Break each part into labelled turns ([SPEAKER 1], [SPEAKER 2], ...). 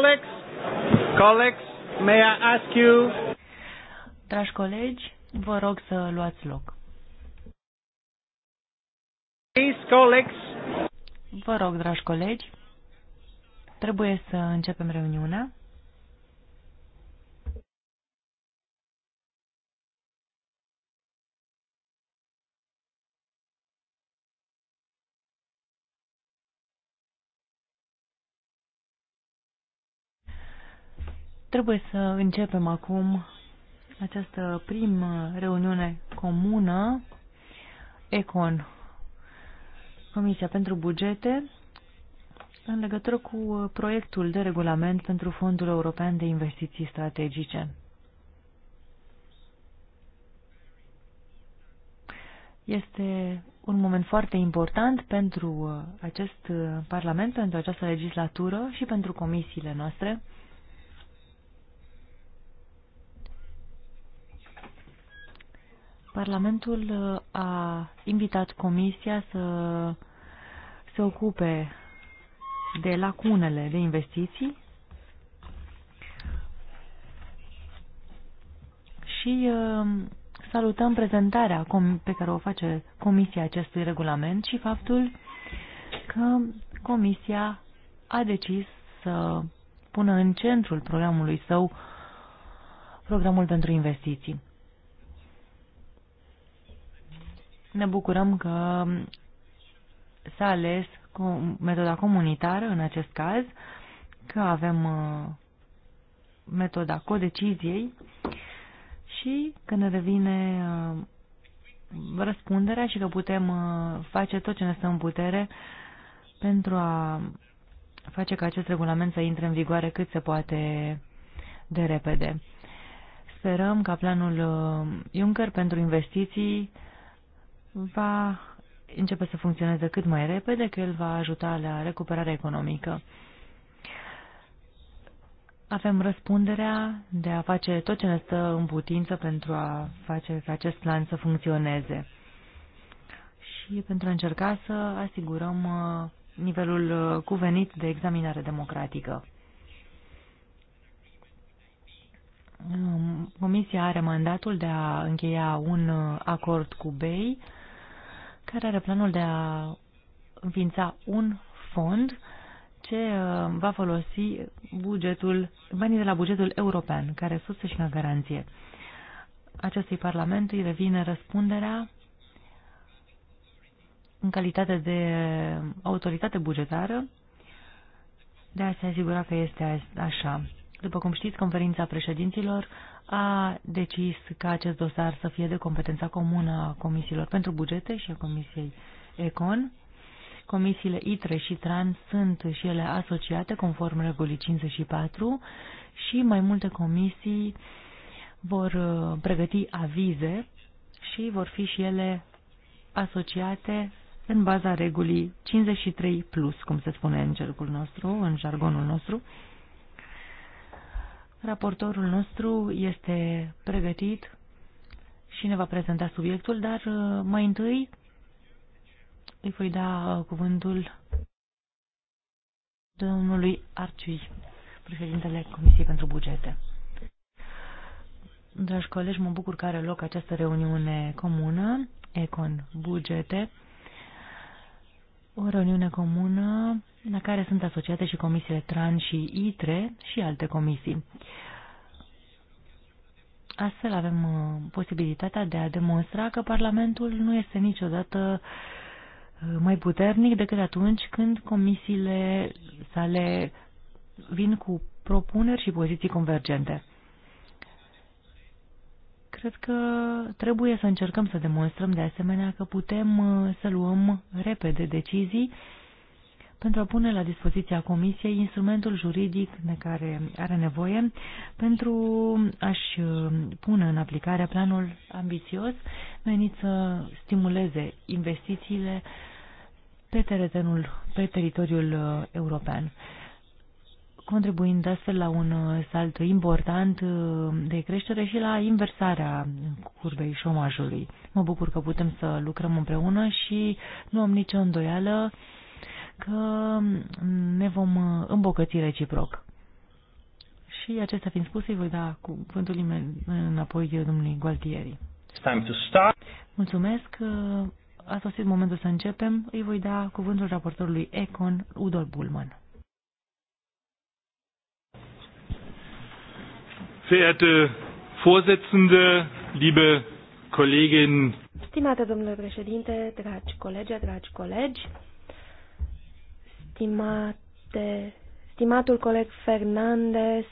[SPEAKER 1] colleagues, colleagues, may I ask
[SPEAKER 2] you? Dragi colegi, vă rog să luați loc.
[SPEAKER 1] Please, colleagues.
[SPEAKER 2] Vă rog, dragi colegi, trebuie să începem reuniunea. Trebuie să începem acum această primă reuniune comună ECON, Comisia pentru Bugete, în legătură cu proiectul de regulament pentru Fondul European de Investiții Strategice. Este un moment foarte important pentru uh, acest uh, Parlament, pentru această legislatură și pentru comisiile noastre. Parlamentul uh, a invitat Comisia să se ocupe de lacunele de investiții și uh, salutăm prezentarea pe care o face Comisia acestui regulament și faptul că Comisia a decis să pună în centrul programului său programul pentru investiții. Ne bucurăm că s-a ales cu metoda comunitară în acest caz, că avem uh, metoda codeciziei și că ne revine uh, răspunderea și că putem uh, face tot ce ne stă în putere pentru a face ca acest regulament să intre în vigoare cât se poate de repede. Sperăm ca planul Juncker pentru investiții va începe să funcționeze cât mai repede, că el va ajuta la recuperarea economică. Avem răspunderea de a face tot ce ne stă în putință pentru a face ca acest plan să funcționeze și pentru a încerca să asigurăm uh, nivelul uh, cuvenit de examinare democratică. Um, Comisia are mandatul de a încheia un uh, acord cu BEI care are planul de a înființa un fond ce uh, va folosi bugetul, banii de la bugetul european, care sus și ca garanție. Acestui parlament îi revine răspunderea în calitate de autoritate bugetară de a se asigura că este așa. După cum știți, conferința președinților a decis ca acest dosar să fie de competența comună a comisiilor pentru bugete și a comisiei ECON. Comisiile ITRE și TRAN sunt și ele asociate conform regulii 54 și mai multe comisii vor uh, pregăti avize și vor fi și ele asociate în baza regulii 53+, plus, cum se spune în cercul nostru, în jargonul nostru. Raportorul nostru este pregătit și ne va prezenta subiectul, dar uh, mai întâi îi voi da uh, cuvântul domnului Arciui, președintele Comisiei pentru Bugete. Dragi colegi, mă bucur că are loc această reuniune comună, Econ Bugete, o reuniune comună la care sunt asociate și comisiile TRAN și ITRE și alte comisii. Astfel avem uh, posibilitatea de a demonstra că Parlamentul nu este niciodată uh, mai puternic decât atunci când comisiile sale vin cu propuneri și poziții convergente. Cred că trebuie să încercăm să demonstrăm de asemenea că putem uh, să luăm repede decizii pentru a pune la dispoziția Comisiei instrumentul juridic de care are nevoie pentru a-și uh, pune în aplicare planul ambițios menit să stimuleze investițiile pe, terenul, pe teritoriul uh, european contribuind astfel la un uh, salt important uh, de creștere și la inversarea curbei șomajului. Mă bucur că putem să lucrăm împreună și nu am nicio îndoială că ne vom uh, îmbogăți reciproc. Și acesta fiind spus, îi voi da cuvântul înapoi domnului Gualtieri.
[SPEAKER 1] It's time to start.
[SPEAKER 2] Mulțumesc. A sosit momentul să începem. Îi voi da cuvântul raportorului Econ Udol Bulman. verehrte Vorsitzende, liebe Kolleginnen.
[SPEAKER 3] Stimate domnule președinte, dragi colegi, dragi colegi, stimate, stimatul coleg Fernandez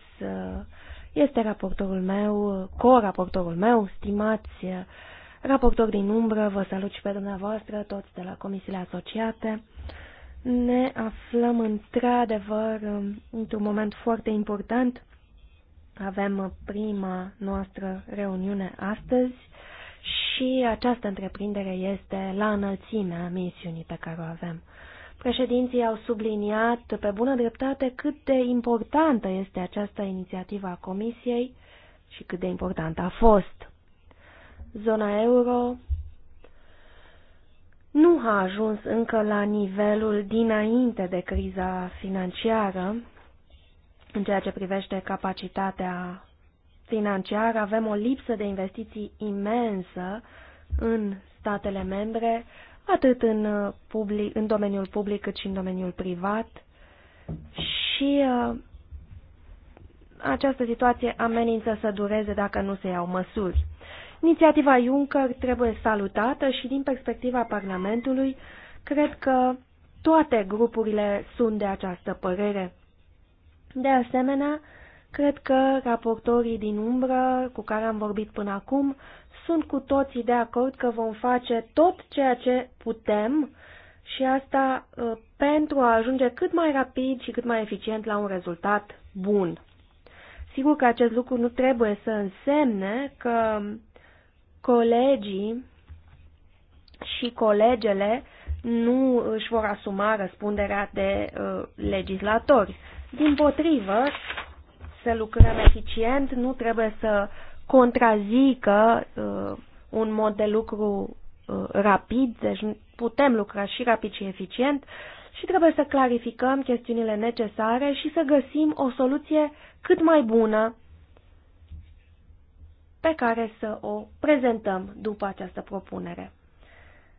[SPEAKER 3] este raportorul meu, co-raportorul meu, stimați raportori din umbră, vă salut și pe dumneavoastră, toți de la comisiile asociate. Ne aflăm într-adevăr într-un moment foarte important avem prima noastră reuniune astăzi și această întreprindere este la înălțimea misiunii pe care o avem. Președinții au subliniat pe bună dreptate cât de importantă este această inițiativă a Comisiei și cât de importantă a fost. Zona euro nu a ajuns încă la nivelul dinainte de criza financiară în ceea ce privește capacitatea financiară, avem o lipsă de investiții imensă în statele membre, atât în, public, în domeniul public cât și în domeniul privat. Și uh, această situație amenință să dureze dacă nu se iau măsuri. Inițiativa Juncker trebuie salutată și din perspectiva Parlamentului, cred că toate grupurile sunt de această părere. De asemenea, cred că raportorii din umbră cu care am vorbit până acum sunt cu toții de acord că vom face tot ceea ce putem și asta ă, pentru a ajunge cât mai rapid și cât mai eficient la un rezultat bun. Sigur că acest lucru nu trebuie să însemne că colegii și colegele nu își vor asuma răspunderea de uh, legislatori. Din potrivă, să lucrăm eficient nu trebuie să contrazică uh, un mod de lucru uh, rapid, deci putem lucra și rapid și eficient și trebuie să clarificăm chestiunile necesare și să găsim o soluție cât mai bună pe care să o prezentăm după această propunere.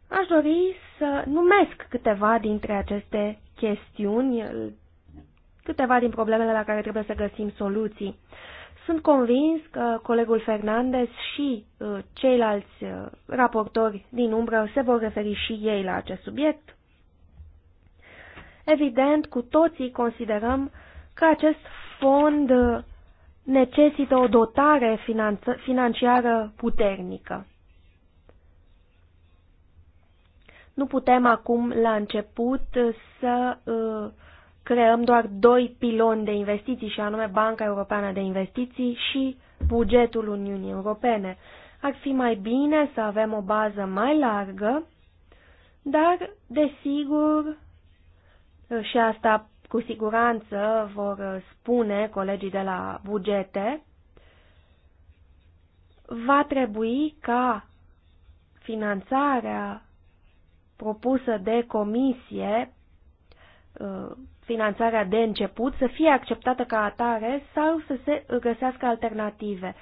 [SPEAKER 3] Aș dori să numesc câteva dintre aceste chestiuni câteva din problemele la care trebuie să găsim soluții. Sunt convins că colegul Fernandez și uh, ceilalți uh, raportori din umbră se vor referi și ei la acest subiect. Evident, cu toții considerăm că acest fond uh, necesită o dotare finanță, financiară puternică. Nu putem acum, la început, să uh, creăm doar doi piloni de investiții, și anume Banca Europeană de Investiții și bugetul Uniunii Europene. Ar fi mai bine să avem o bază mai largă, dar, desigur, și asta cu siguranță vor spune colegii de la bugete, va trebui ca finanțarea propusă de comisie uh, finanțarea de început să fie acceptată ca atare sau să se găsească alternative.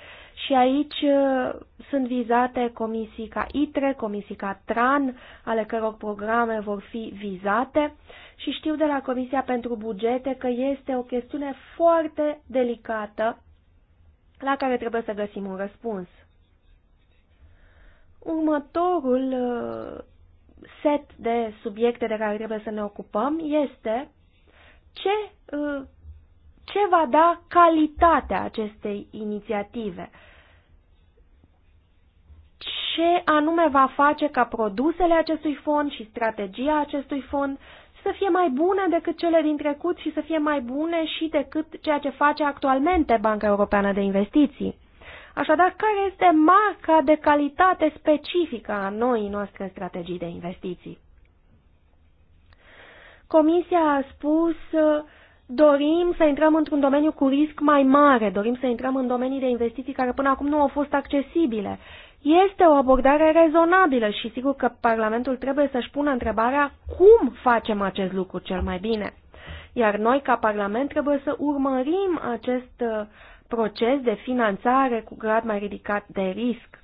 [SPEAKER 3] Și aici uh, sunt vizate comisii ca ITRE, comisii ca TRAN, ale căror programe vor fi vizate și știu de la Comisia pentru Bugete că este o chestiune foarte delicată la care trebuie să găsim un răspuns. Următorul uh, set de subiecte de care trebuie să ne ocupăm este ce, uh, ce va da calitatea acestei inițiative? Ce anume va face ca produsele acestui fond și strategia acestui fond să fie mai bune decât cele din trecut și să fie mai bune și decât ceea ce face actualmente Banca Europeană de Investiții? Așadar, care este marca de calitate specifică a noii noastre strategii de investiții? Comisia a spus uh, dorim să intrăm într-un domeniu cu risc mai mare, dorim să intrăm în domenii de investiții care până acum nu au fost accesibile. Este o abordare rezonabilă și sigur că Parlamentul trebuie să-și pună întrebarea cum facem acest lucru cel mai bine. Iar noi, ca Parlament, trebuie să urmărim acest uh, proces de finanțare cu grad mai ridicat de risc.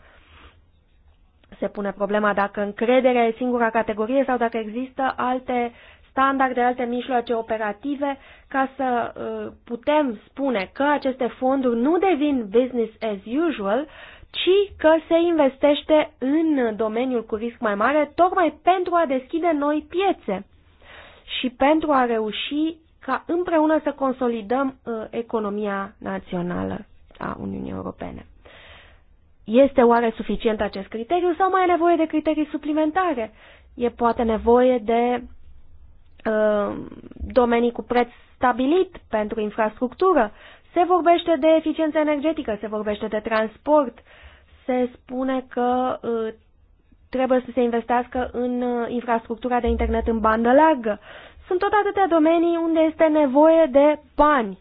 [SPEAKER 3] Se pune problema dacă încrederea e singura categorie sau dacă există alte uh, standarde, alte mijloace operative ca să uh, putem spune că aceste fonduri nu devin business as usual, ci că se investește în domeniul cu risc mai mare tocmai pentru a deschide noi piețe și pentru a reuși ca împreună să consolidăm uh, economia națională a Uniunii Europene. Este oare suficient acest criteriu sau mai e nevoie de criterii suplimentare? E poate nevoie de Uh, domenii cu preț stabilit pentru infrastructură, se vorbește de eficiență energetică, se vorbește de transport, se spune că uh, trebuie să se investească în uh, infrastructura de internet în bandă largă. Sunt tot atâtea domenii unde este nevoie de bani.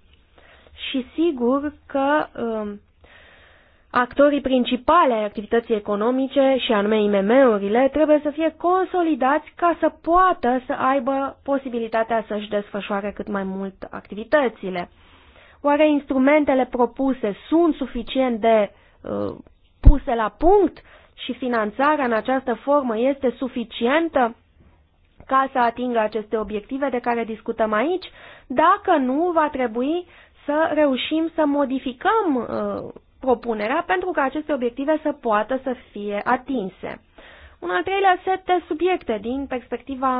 [SPEAKER 3] Și sigur că Actorii principale ai activității economice, și anume IMM-urile, trebuie să fie consolidați ca să poată să aibă posibilitatea să-și desfășoare cât mai mult activitățile. Oare instrumentele propuse sunt suficient de uh, puse la punct și finanțarea în această formă este suficientă ca să atingă aceste obiective de care discutăm aici? Dacă nu, va trebui să reușim să modificăm uh, propunerea pentru ca aceste obiective să poată să fie atinse. Un al treilea set de subiecte din perspectiva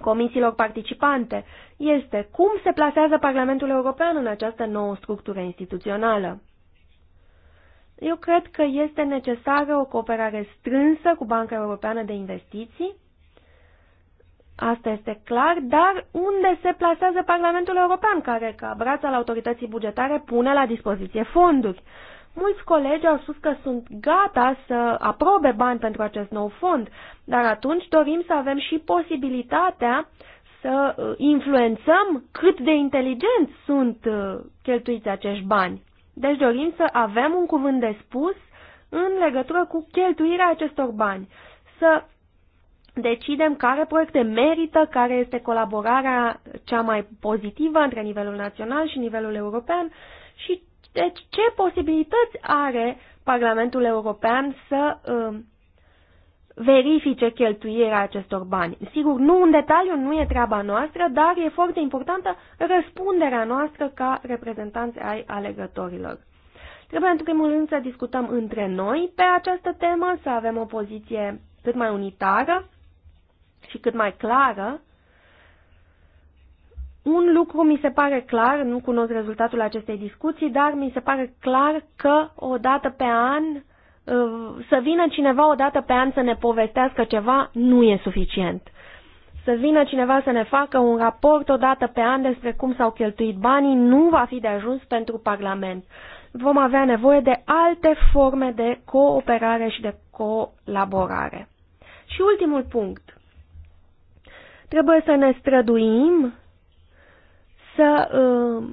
[SPEAKER 3] comisiilor participante este cum se plasează Parlamentul European în această nouă structură instituțională. Eu cred că este necesară o cooperare strânsă cu Banca Europeană de Investiții Asta este clar, dar unde se plasează Parlamentul European, care, ca braț al autorității bugetare, pune la dispoziție fonduri? Mulți colegi au spus că sunt gata să aprobe bani pentru acest nou fond, dar atunci dorim să avem și posibilitatea să uh, influențăm cât de inteligenți sunt uh, cheltuiți acești bani. Deci dorim să avem un cuvânt de spus în legătură cu cheltuirea acestor bani, să decidem care proiecte merită, care este colaborarea cea mai pozitivă între nivelul național și nivelul european și deci, ce posibilități are Parlamentul European să uh, verifice cheltuirea acestor bani. Sigur, nu în detaliu, nu e treaba noastră, dar e foarte importantă răspunderea noastră ca reprezentanți ai alegătorilor. Trebuie în primul rând să discutăm între noi pe această temă, să avem o poziție cât mai unitară și cât mai clară. Un lucru mi se pare clar, nu cunosc rezultatul acestei discuții, dar mi se pare clar că o dată pe an uh, să vină cineva o dată pe an să ne povestească ceva nu e suficient. Să vină cineva să ne facă un raport o dată pe an despre cum s-au cheltuit banii nu va fi de ajuns pentru Parlament. Vom avea nevoie de alte forme de cooperare și de colaborare. Și ultimul punct. Trebuie să ne străduim să uh,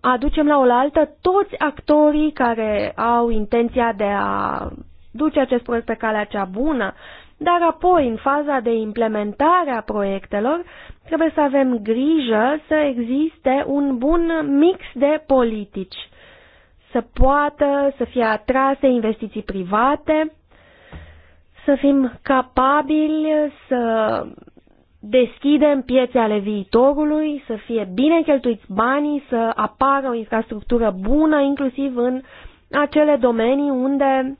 [SPEAKER 3] aducem la oaltă toți actorii care au intenția de a duce acest proiect pe calea cea bună, dar apoi, în faza de implementare a proiectelor, trebuie să avem grijă să existe un bun mix de politici, să poată să fie atrase investiții private, să fim capabili să deschidem piețe ale viitorului, să fie bine cheltuiți banii, să apară o infrastructură bună, inclusiv în acele domenii unde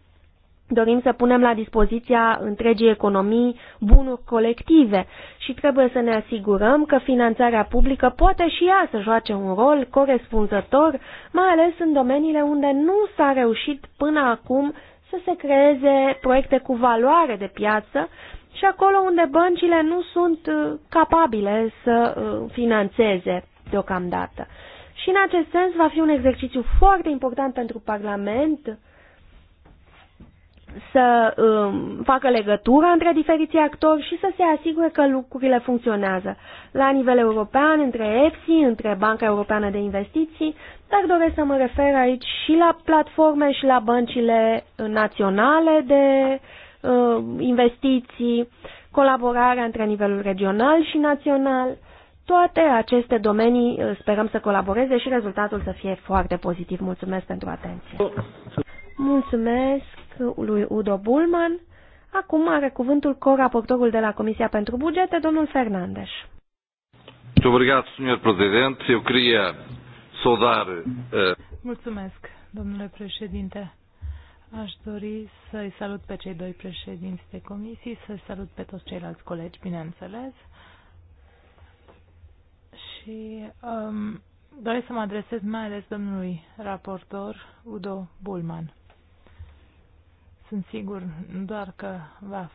[SPEAKER 3] dorim să punem la dispoziția întregii economii bunuri colective și trebuie să ne asigurăm că finanțarea publică poate și ea să joace un rol corespunzător, mai ales în domeniile unde nu s-a reușit până acum să se creeze proiecte cu valoare de piață și acolo unde băncile nu sunt uh, capabile să uh, financeze deocamdată. Și în acest sens va fi un exercițiu foarte important pentru Parlament să um, facă legătura între diferiții actori și să se asigure că lucrurile funcționează la nivel european, între EPSI, între Banca Europeană de Investiții, dar doresc să mă refer aici și la platforme și la băncile naționale de Uh, investiții, colaborarea între nivelul regional și național. Toate aceste domenii uh, sperăm să colaboreze și rezultatul să fie foarte pozitiv. Mulțumesc pentru atenție. Mulțumesc lui Udo Bulman. Acum are cuvântul co-raportorul de la Comisia pentru Bugete, domnul Fernandes.
[SPEAKER 1] obrigado, Presidente. Eu queria saudar. Eh,
[SPEAKER 2] Mulțumesc, domnule președinte. Aș dori să-i salut pe cei doi președinți de comisii, să-i salut pe toți ceilalți colegi, bineînțeles. Și um, doresc să mă adresez mai ales domnului raportor Udo Bulman. Sunt sigur doar că va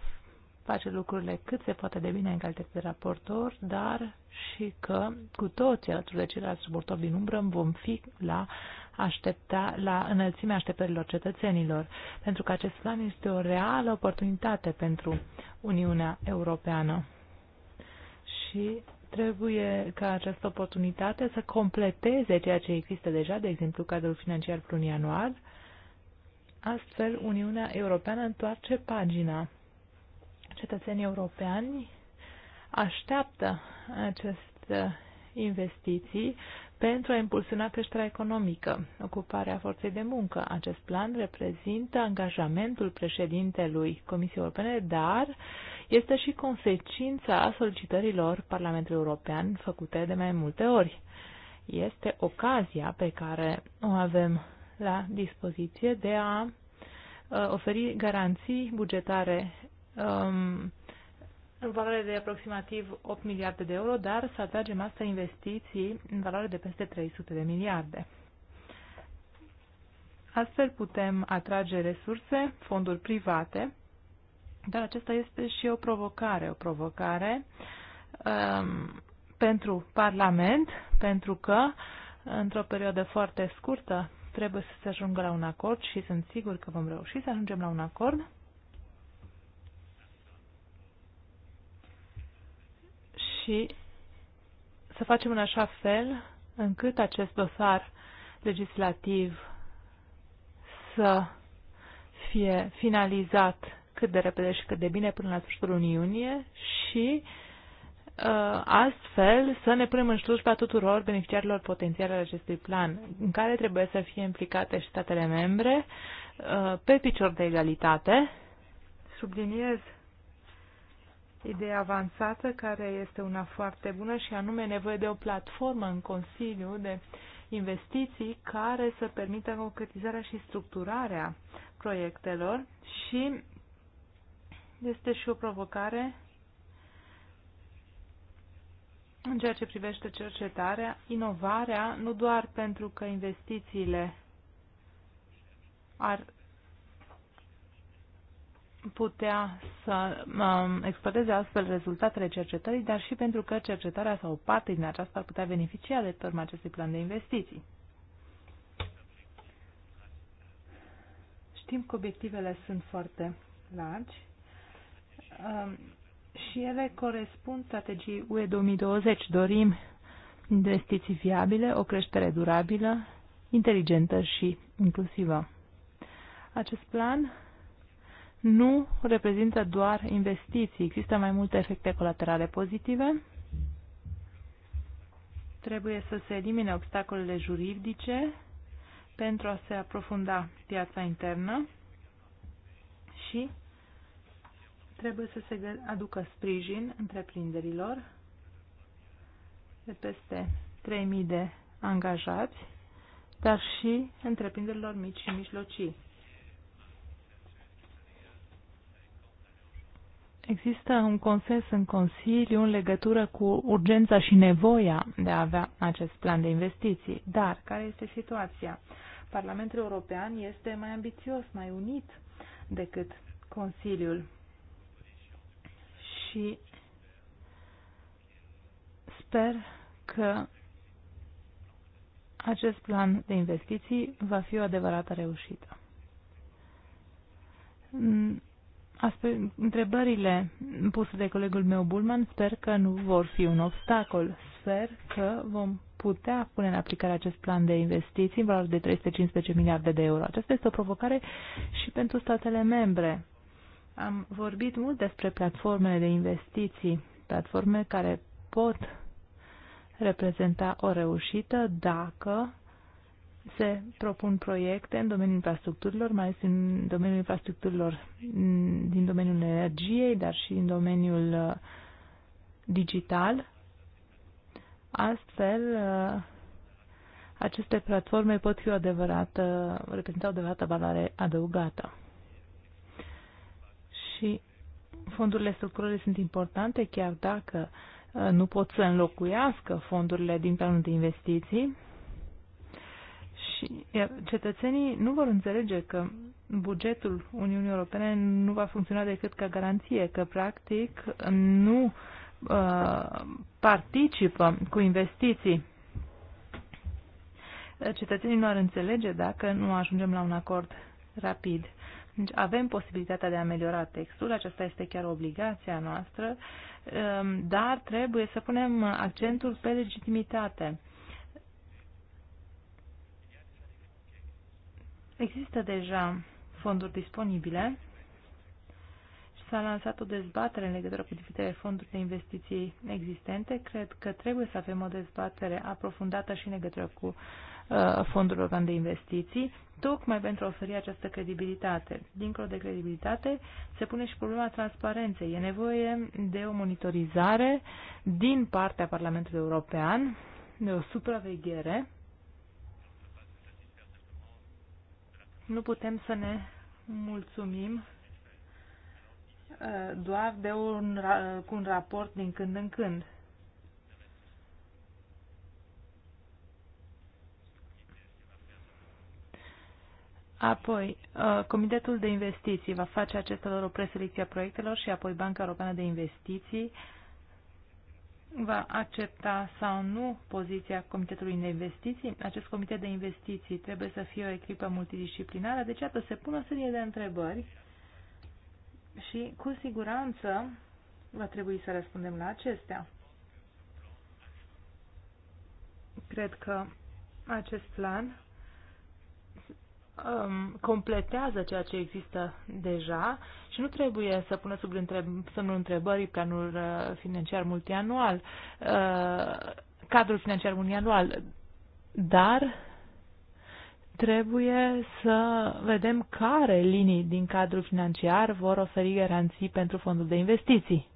[SPEAKER 2] face lucrurile cât se poate de bine în calitate de raportor, dar și că cu toți alături de ceilalți raportori din umbră vom fi la uh, aștepta la înălțimea așteptărilor cetățenilor, pentru că acest plan este o reală oportunitate pentru Uniunea Europeană. Și trebuie ca această oportunitate să completeze ceea ce există deja, de exemplu cadrul financiar plurianual. Astfel, Uniunea Europeană întoarce pagina. Cetățenii europeani așteaptă aceste investiții pentru a impulsiona creșterea economică. Ocuparea forței de muncă. Acest plan reprezintă angajamentul președintelui Comisiei Europene, dar este și consecința solicitărilor Parlamentului European făcute de mai multe ori. Este ocazia pe care o avem la dispoziție de a uh, oferi garanții bugetare um, în valoare de aproximativ 8 miliarde de euro, dar să atragem asta investiții în valoare de peste 300 de miliarde. Astfel putem atrage resurse, fonduri private, dar acesta este și o provocare, o provocare um, pentru Parlament, pentru că într-o perioadă foarte scurtă trebuie să se ajungă la un acord și sunt sigur că vom reuși să ajungem la un acord. și să facem în așa fel încât acest dosar legislativ să fie finalizat cât de repede și cât de bine până la sfârșitul lunii iunie și uh, astfel să ne punem în slujba tuturor beneficiarilor potențiale al acestui plan, în care trebuie să fie implicate și statele membre uh, pe picior de egalitate. Subliniez idee avansată care este una foarte bună și anume nevoie de o platformă în Consiliu de investiții care să permită concretizarea și structurarea proiectelor și este și o provocare în ceea ce privește cercetarea, inovarea, nu doar pentru că investițiile ar putea să um, exploateze astfel rezultatele cercetării, dar și pentru că cercetarea sau o parte din aceasta ar putea beneficia de tot acestui plan de investiții. Știm că obiectivele sunt foarte largi um, și ele corespund strategiei UE 2020. Dorim investiții viabile, o creștere durabilă, inteligentă și inclusivă. Acest plan nu reprezintă doar investiții. Există mai multe efecte colaterale pozitive. Trebuie să se elimine obstacolele juridice pentru a se aprofunda piața internă și trebuie să se aducă sprijin întreprinderilor de peste 3.000 de angajați, dar și întreprinderilor mici și mijlocii Există un consens în Consiliu în legătură cu urgența și nevoia de a avea acest plan de investiții. Dar care este situația? Parlamentul European este mai ambițios, mai unit decât Consiliul. Și sper că acest plan de investiții va fi o adevărată reușită aspe- întrebările puse de colegul meu Bulman sper că nu vor fi un obstacol. Sper că vom putea pune în aplicare acest plan de investiții în valoare de 315 miliarde de euro. Aceasta este o provocare și pentru statele membre. Am vorbit mult despre platformele de investiții, platforme care pot reprezenta o reușită dacă se propun proiecte în domeniul infrastructurilor, mai ales în domeniul infrastructurilor din domeniul energiei, dar și în domeniul uh, digital. Astfel, uh, aceste platforme pot fi o adevărată, reprezenta o adevărată valoare adăugată. Și fondurile structurale sunt importante, chiar dacă uh, nu pot să înlocuiască fondurile din planul de investiții, și iar cetățenii nu vor înțelege că bugetul Uniunii Europene nu va funcționa decât ca garanție, că practic nu uh, participă cu investiții. Cetățenii nu ar înțelege dacă nu ajungem la un acord rapid. Deci avem posibilitatea de a ameliora textul, aceasta este chiar obligația noastră, um, dar trebuie să punem accentul pe legitimitate. Există deja fonduri disponibile și s-a lansat o dezbatere în legătură cu diferite fonduri de investiții existente. Cred că trebuie să avem o dezbatere aprofundată și în legătură cu uh, fondul organ de investiții, tocmai pentru a oferi această credibilitate. Dincolo de credibilitate, se pune și problema transparenței. E nevoie de o monitorizare din partea Parlamentului European, de o supraveghere nu putem să ne mulțumim uh, doar de un, cu un raport din când în când. Apoi, uh, Comitetul de Investiții va face acestor o preselecție a proiectelor și apoi Banca Europeană de Investiții uh, va accepta sau nu poziția Comitetului de Investiții. Acest Comitet de Investiții trebuie să fie o echipă multidisciplinară, deci atât se pun o serie de întrebări și cu siguranță va trebui să răspundem la acestea. Cred că acest plan um, completează ceea ce există deja și nu trebuie să pună sub întreb- semnul întrebării planul uh, financiar multianual, uh, cadrul financiar multianual, dar trebuie să vedem care linii din cadrul financiar vor oferi garanții pentru fondul de investiții.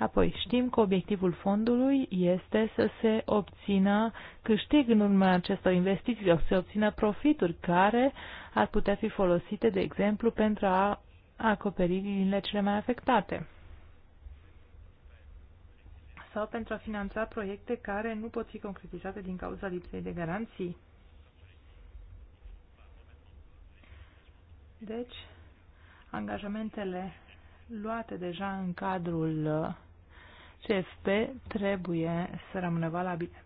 [SPEAKER 2] Apoi, știm că obiectivul fondului este să se obțină câștig în urma acestor investiții, să se obțină profituri care ar putea fi folosite, de exemplu, pentru a acoperi liniile cele mai afectate sau pentru a finanța proiecte care nu pot fi concretizate din cauza lipsei de garanții. Deci, angajamentele luate deja în cadrul CFP trebuie să rămână valabile.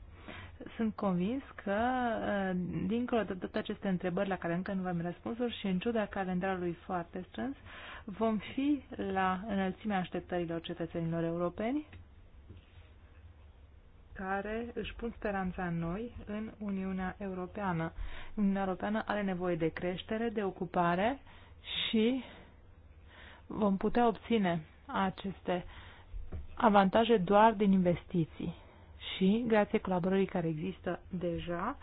[SPEAKER 2] Sunt convins că, uh, dincolo de toate aceste întrebări la care încă nu v-am răspunsuri și în ciuda calendarului foarte strâns, vom fi la înălțimea așteptărilor cetățenilor europeni care își pun speranța în noi, în Uniunea Europeană. Uniunea Europeană are nevoie de creștere, de ocupare și vom putea obține aceste avantaje doar din investiții. Și, grație colaborării care există deja,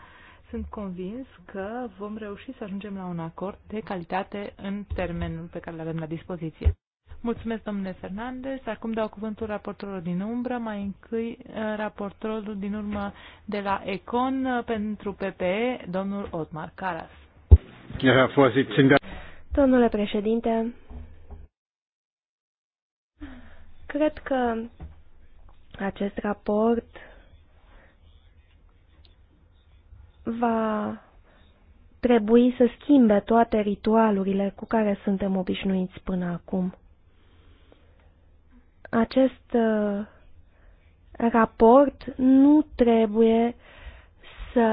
[SPEAKER 2] sunt convins că vom reuși să ajungem la un acord de calitate în termenul pe care îl avem la dispoziție. Mulțumesc, domnule Fernandez. Acum dau cuvântul raportorului din umbră, mai întâi eh, raportorul din urmă de la Econ eh, pentru PPE, domnul Otmar Caras.
[SPEAKER 3] Domnule președinte, Cred că acest raport va trebui să schimbe toate ritualurile cu care suntem obișnuiți până acum. Acest uh, raport nu trebuie să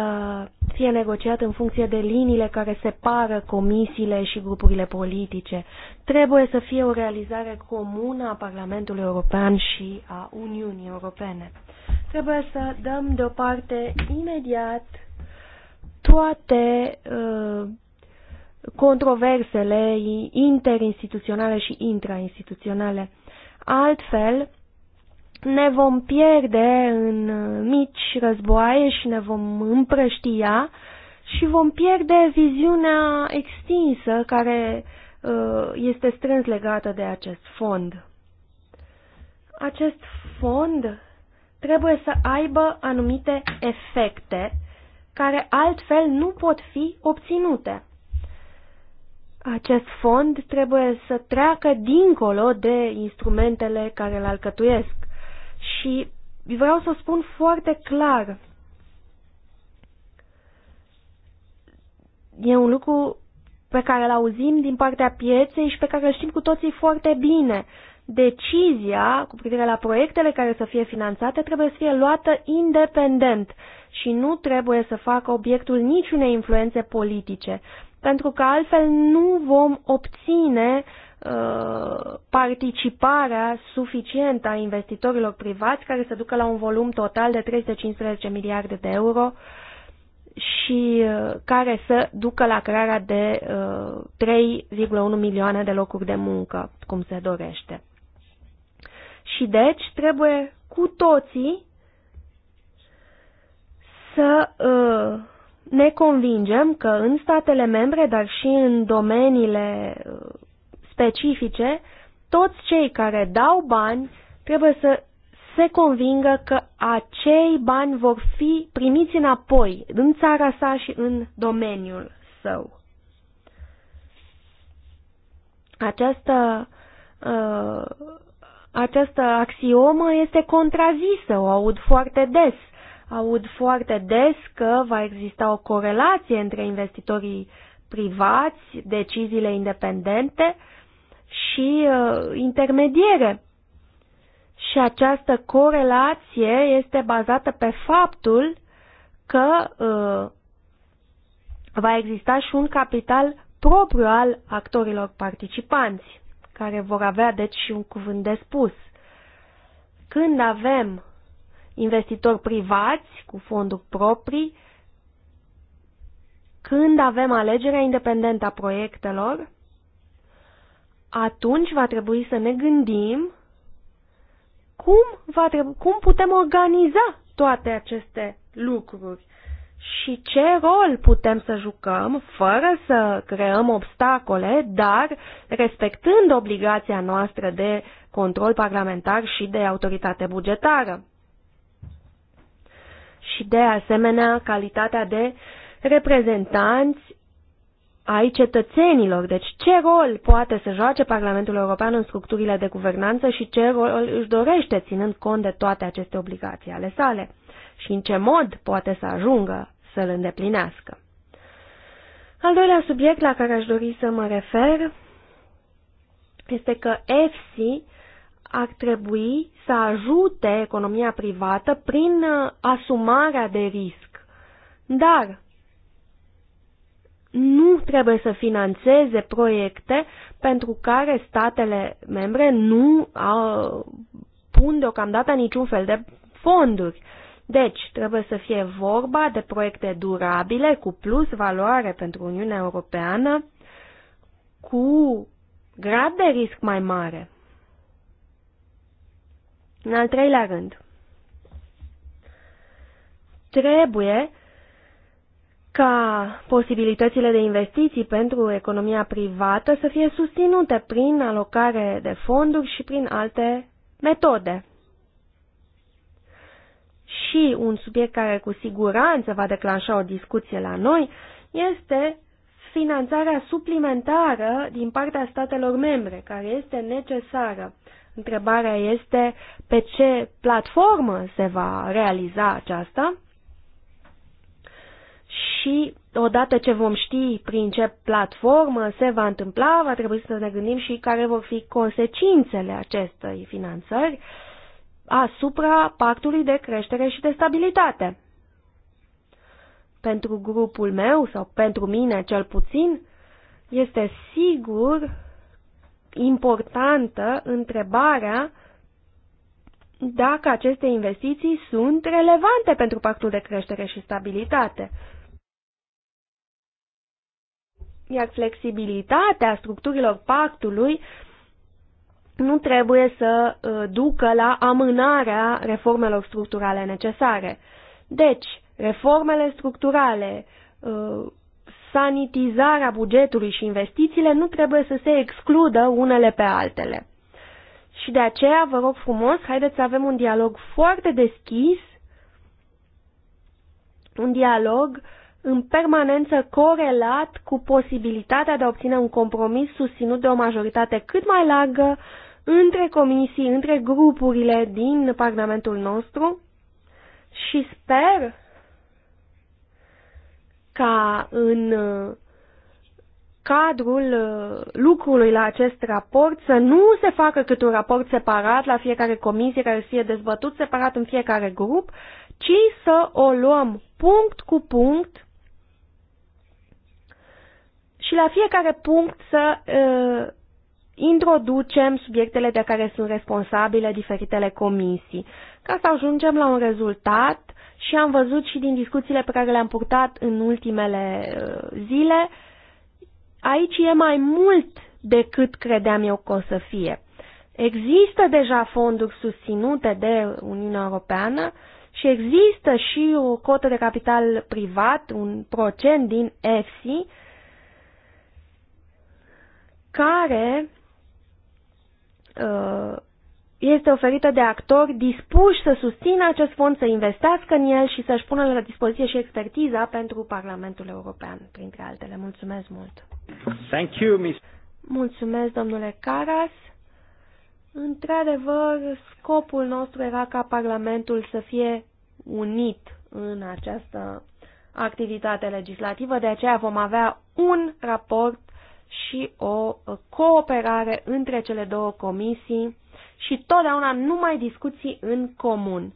[SPEAKER 3] fie negociat în funcție de liniile care separă comisiile și grupurile politice. Trebuie să fie o realizare comună a Parlamentului European și a Uniunii Europene. Trebuie să dăm deoparte imediat toate uh, controversele interinstituționale și intrainstituționale. Altfel, ne vom pierde în mici războaie și ne vom împrăștia și vom pierde viziunea extinsă care uh, este strâns legată de acest fond. Acest fond trebuie să aibă anumite efecte care altfel nu pot fi obținute. Acest fond trebuie să treacă dincolo de instrumentele care îl alcătuiesc. Și vreau să spun foarte clar, e un lucru pe care îl auzim din partea pieței și pe care îl știm cu toții foarte bine. Decizia cu privire la proiectele care să fie finanțate trebuie să fie luată independent și nu trebuie să facă obiectul niciunei influențe politice, pentru că altfel nu vom obține uh, Uh, participarea suficientă a investitorilor privați care să ducă la un volum total de 315 miliarde de euro și uh, care să ducă la crearea de 3,1 uh, milioane de locuri de muncă, cum se dorește. Și deci trebuie cu toții să ne convingem că în statele membre, dar și în domeniile specifice, toți cei care dau bani trebuie să se convingă că acei bani vor fi primiți înapoi în țara sa și în domeniul său. Această, uh, această axiomă este contrazisă, o aud foarte des. Aud foarte des că va exista o corelație între investitorii privați, deciziile independente uh, și uh, intermediere. Și această corelație este bazată pe faptul că uh, va exista și un capital propriu al actorilor participanți, care vor avea deci și un cuvânt de spus. Când avem investitori privați cu fonduri proprii, când avem alegerea independentă a proiectelor, atunci va trebui să ne gândim cum, va trebui, cum putem organiza toate aceste
[SPEAKER 1] lucruri
[SPEAKER 3] și ce rol putem să jucăm fără să creăm obstacole, dar respectând obligația noastră de control parlamentar și de autoritate bugetară. Și de asemenea calitatea de reprezentanți ai cetățenilor. Deci ce rol poate să joace Parlamentul European în structurile de guvernanță și ce rol își dorește, ținând cont de toate aceste obligații ale sale? Și în ce mod poate să ajungă să-l îndeplinească? Al doilea subiect la care aș dori să mă refer este că EFSI ar trebui să ajute economia privată prin uh, asumarea de risc. Dar nu trebuie să financeze proiecte pentru care statele membre nu au, pun deocamdată niciun fel de fonduri. Deci, trebuie să fie vorba de proiecte durabile, cu plus valoare pentru Uniunea Europeană, cu grad de risc mai mare. În al treilea rând, trebuie ca posibilitățile de investiții pentru economia privată să fie susținute prin alocare de fonduri și prin alte metode. Și un subiect care cu siguranță va declanșa o discuție la noi este finanțarea suplimentară din partea statelor membre, care este necesară. Întrebarea este pe ce platformă se va realiza aceasta și odată ce vom ști prin ce platformă se va întâmpla, va trebui să ne gândim și care vor fi consecințele acestei finanțări asupra pactului de creștere și de stabilitate. Pentru grupul meu, sau pentru mine cel puțin, este sigur importantă întrebarea dacă aceste investiții sunt relevante pentru pactul de creștere și stabilitate iar flexibilitatea structurilor pactului nu trebuie să uh, ducă la amânarea reformelor structurale necesare. Deci, reformele structurale, uh, sanitizarea bugetului și investițiile nu trebuie să se excludă unele pe altele. Și de aceea vă rog frumos, haideți să avem un dialog foarte deschis, un dialog în permanență corelat cu posibilitatea de a obține un compromis susținut de o majoritate cât mai largă între comisii, între grupurile din Parlamentul nostru și sper ca în uh, cadrul uh, lucrului la acest raport să nu se facă cât un raport separat la fiecare comisie care să fie dezbătut separat în fiecare grup, ci să o luăm punct cu punct și la fiecare punct să uh, introducem subiectele de care sunt responsabile diferitele comisii, ca să ajungem la un rezultat și am văzut și din discuțiile pe care le-am purtat în ultimele uh, zile, aici e mai mult decât credeam eu că o să fie. Există deja fonduri susținute de Uniunea Europeană și există și o cotă de capital privat, un procent din EFSI, care uh, este oferită de actori dispuși să susțină acest fond, să investească în el și să-și pună la dispoziție și expertiza pentru Parlamentul European, printre altele. Mulțumesc mult!
[SPEAKER 1] Thank you, Miss.
[SPEAKER 3] Mulțumesc, domnule Caras. Într-adevăr, scopul nostru era ca Parlamentul să fie unit în această activitate legislativă, de aceea vom avea un raport și o uh, cooperare între cele două comisii și totdeauna numai discuții în comun.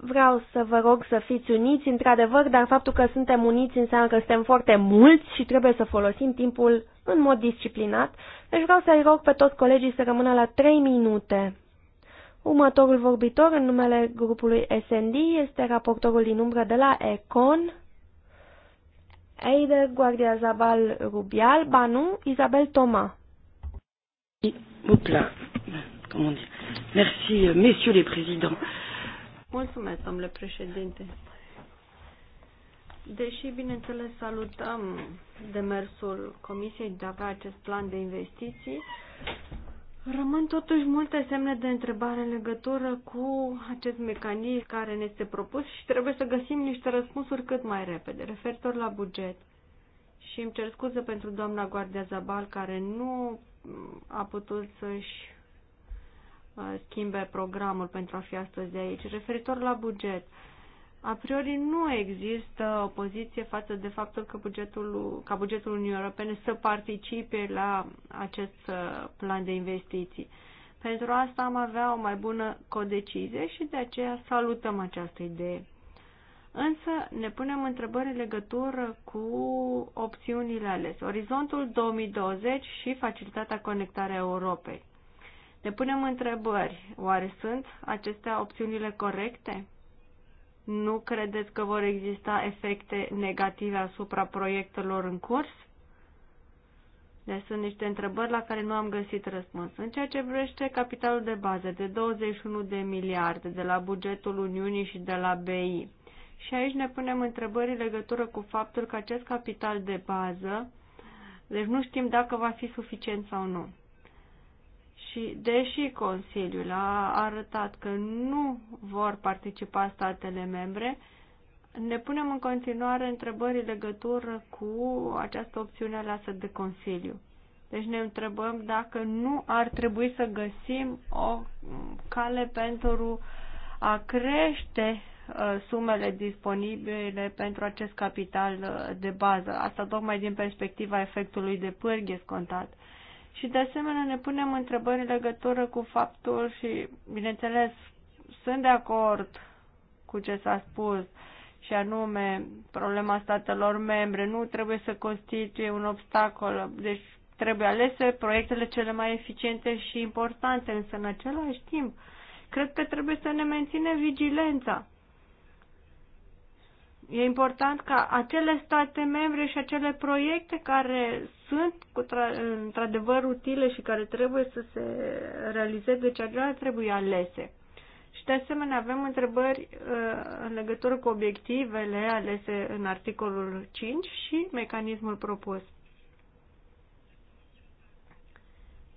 [SPEAKER 3] Vreau să vă rog să fiți uniți, într-adevăr, dar faptul că suntem uniți înseamnă că suntem foarte mulți și trebuie să folosim timpul în mod disciplinat. Deci vreau să-i rog pe toți colegii să rămână la 3 minute. Următorul vorbitor în numele grupului SND este raportorul din umbră de la Econ, Eider Guardia Zabal Rubial, Banu Isabel Toma.
[SPEAKER 2] Upla. Comment dire Merci, euh, messieurs les présidents.
[SPEAKER 1] Mulțumesc, domnule președinte. Deși, bineînțeles, salutăm demersul Comisiei de a avea acest plan de investiții, Rămân totuși multe semne de întrebare în legătură cu acest mecanism care ne este propus și trebuie să găsim niște răspunsuri cât mai repede, referitor la buget. Și îmi cer scuze pentru doamna Guardia Zabal care nu a putut să-și uh, schimbe programul pentru a fi astăzi aici. Referitor la buget, uh, a priori nu există o poziție față de faptul că bugetul, ca bugetul Uniunii Europene să participe la acest uh, plan de investiții. Pentru asta am avea o mai bună codecizie și de aceea salutăm această idee. Însă ne punem întrebări în legătură cu opțiunile alese, orizontul 2020 și facilitatea conectarea Europei. Ne punem întrebări, oare sunt acestea opțiunile corecte? nu credeți că vor exista efecte negative asupra proiectelor în curs? Deci sunt niște întrebări la care nu am găsit răspuns. În ceea ce vrește capitalul de bază de 21 de miliarde de la bugetul Uniunii și de la BI. Și aici ne punem întrebări în legătură cu faptul că acest capital de bază, deci nu știm dacă va fi suficient sau nu. Și deși Consiliul a arătat că nu vor participa statele membre, ne punem în continuare întrebări în legătură cu această opțiune aleasă de Consiliu. Deci ne întrebăm dacă nu ar trebui să găsim o cale pentru a crește uh, sumele disponibile pentru acest capital uh, de bază. Asta tocmai din perspectiva efectului de pârghie scontat. Și de asemenea ne punem întrebări în legătură cu faptul și, bineînțeles, sunt de acord cu ce s-a spus și anume problema statelor membre nu trebuie să constituie un obstacol. Deci trebuie alese proiectele cele mai eficiente și importante, însă în același timp cred că trebuie să ne menținem vigilența E important ca acele state membre și acele proiecte care sunt într-adevăr utile și care trebuie să se realizeze, deci acelea trebuie alese. Și de asemenea avem întrebări uh, în legătură cu obiectivele alese în articolul 5 și mecanismul propus.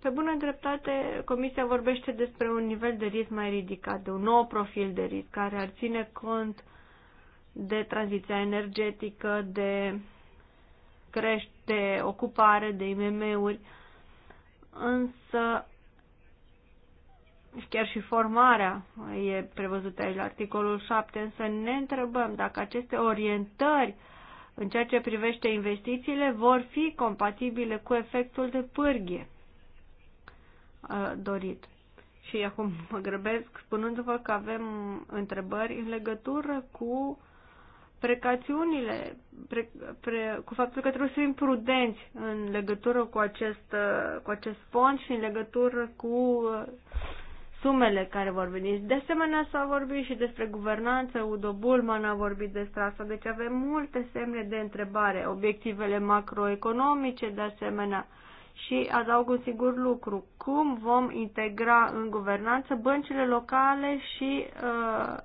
[SPEAKER 1] Pe bună dreptate, Comisia vorbește despre un nivel de risc mai ridicat, de un nou profil de risc care ar ține cont de tranziția energetică, de crește ocupare, de IMM-uri, însă chiar și formarea e prevăzută aici la articolul 7, însă ne întrebăm dacă aceste orientări în ceea ce privește investițiile vor fi compatibile cu efectul de pârghie uh, dorit. Și acum mă grăbesc spunându-vă că avem întrebări în legătură cu precațiunile, pre, pre, cu faptul că trebuie să fim prudenți în legătură cu acest, cu acest fond și în legătură cu uh, sumele care vor veni. De asemenea, s-a vorbit și despre guvernanță, Udo Bulman a vorbit despre asta, deci avem multe semne de întrebare, obiectivele macroeconomice, de asemenea, și adaug un sigur lucru, cum vom integra în guvernanță băncile locale și uh,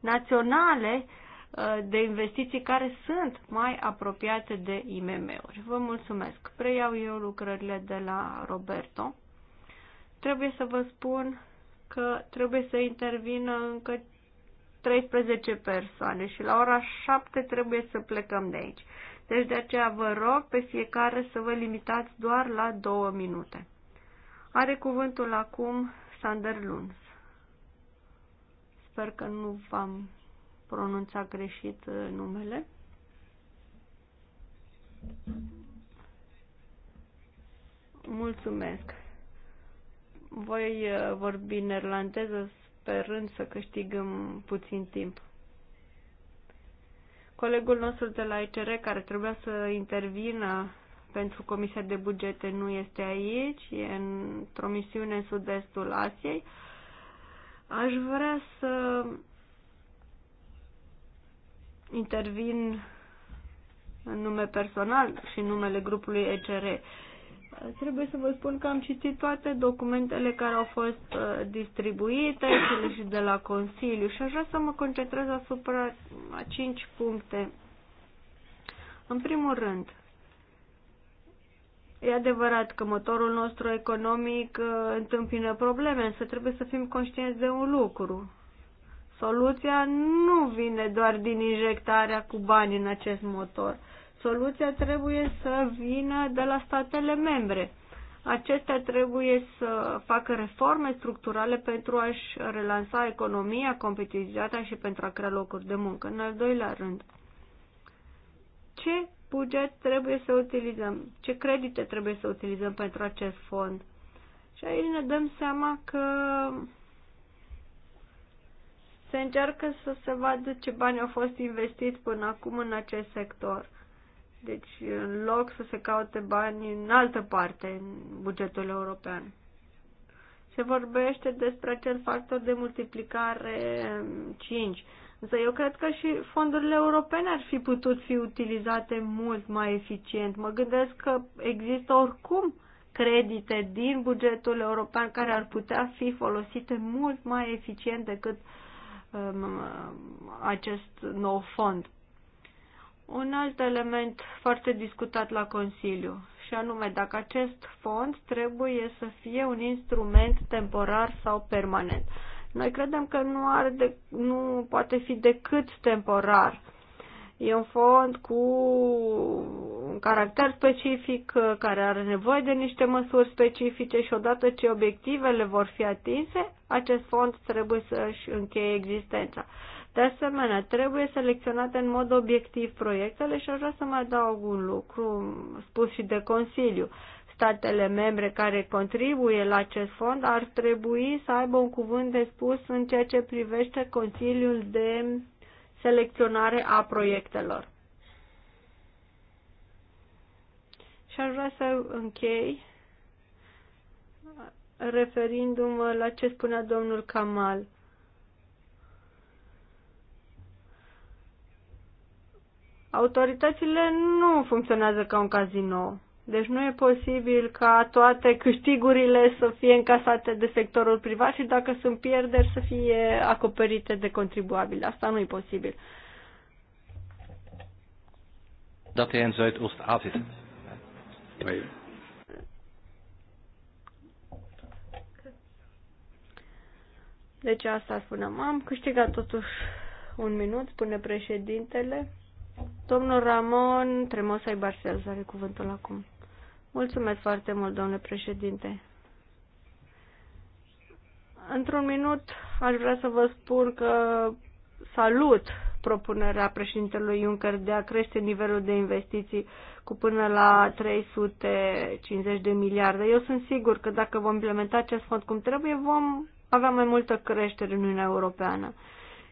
[SPEAKER 1] naționale uh, Uh, de investiții care sunt mai apropiate de IMM-uri. Vă mulțumesc. Preiau eu lucrările de la Roberto. Trebuie să vă spun că trebuie să intervină încă 13 persoane și la ora 7 trebuie să plecăm de aici. Deci de aceea vă rog pe fiecare să vă limitați doar la două minute. Are cuvântul acum Sander Luns. Sper că nu v-am pronunța greșit uh, numele. Mulțumesc. Voi uh, vorbi în neerlandeză sperând să câștigăm puțin timp. Colegul nostru de la ICR, care trebuia să intervină pentru Comisia de Bugete, nu este aici, e într-o misiune în sud-estul Asiei. Aș vrea să intervin în nume personal și în numele grupului ECR. Trebuie să vă spun că am citit toate documentele care au fost uh, distribuite, cele și de la Consiliu și aș vrea să mă concentrez asupra a cinci puncte. În primul rând, E adevărat că motorul nostru economic uh, întâmpină probleme, însă trebuie să fim conștienți de un lucru. Soluția nu vine doar din injectarea cu bani în acest motor. Soluția trebuie să vină de la statele membre. Acestea trebuie să facă reforme structurale pentru a-și relansa economia, competitivitatea și pentru a crea locuri de muncă. În al doilea rând, ce buget trebuie să utilizăm? Ce credite trebuie să utilizăm pentru acest fond? Și aici ne dăm seama că se încearcă să se vadă ce bani au fost investiți până acum în acest sector. Deci, în loc să se caute bani în altă parte, în bugetul european. Se vorbește despre acel factor de multiplicare 5. Însă eu cred că și fondurile europene ar fi putut fi utilizate mult mai eficient. Mă gândesc că există oricum credite din bugetul european care ar putea fi folosite mult mai eficient decât uh, Uh, acest nou fond. Un alt element foarte discutat la Consiliu, și anume dacă acest fond trebuie să fie un instrument temporar sau permanent. Noi credem că nu, are de, nu poate fi decât temporar. Uh, E un fond cu un caracter specific, uh, care are nevoie de niște măsuri specifice și odată ce obiectivele vor fi atinse, acest fond trebuie să-și încheie existența. De asemenea, trebuie selecționate în mod obiectiv proiectele și aș vrea să mai adaug un lucru spus și de Consiliu. Statele membre care contribuie la acest fond ar trebui să aibă un cuvânt de spus în ceea ce privește Consiliul de selecționare a proiectelor. Și aș vrea să închei referindu-mă la ce spunea domnul Kamal. Autoritățile nu funcționează ca un cazinou. Deci nu e posibil ca toate câștigurile să fie încasate de sectorul privat și dacă sunt pierderi să fie acoperite de contribuabil. Asta nu e posibil. Dat e în zuid ost zit. Deci asta spunem. Am câștigat totuși un minut, spune președintele. Domnul Ramon Tremosai Barcelos are cuvântul acum. Mulțumesc foarte mult, domnule președinte. Într-un minut aș vrea să vă spun că salut propunerea președintelui Juncker de a crește nivelul de investiții cu până la 350 de miliarde. Eu sunt sigur că dacă vom implementa acest fond cum trebuie, vom avea mai multă creștere în Uniunea Europeană.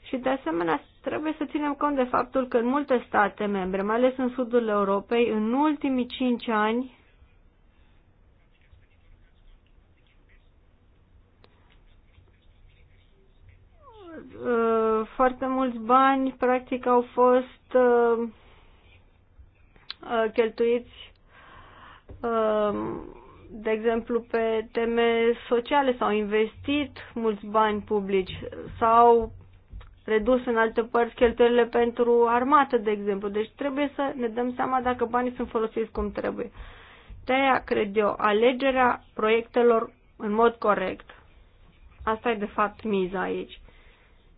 [SPEAKER 1] Și de asemenea, trebuie să ținem cont de faptul că în multe state membre, mai ales în sudul Europei, în ultimii 5 ani Uh, foarte mulți bani practic au fost uh, uh, cheltuiți uh, de exemplu, pe teme sociale s-au investit mulți bani publici, s-au redus în alte părți cheltuielile pentru armată, de exemplu. Deci trebuie să ne dăm seama dacă banii sunt folosiți cum trebuie. De aia, cred eu, alegerea proiectelor în mod corect. Asta e, de fapt, miza aici.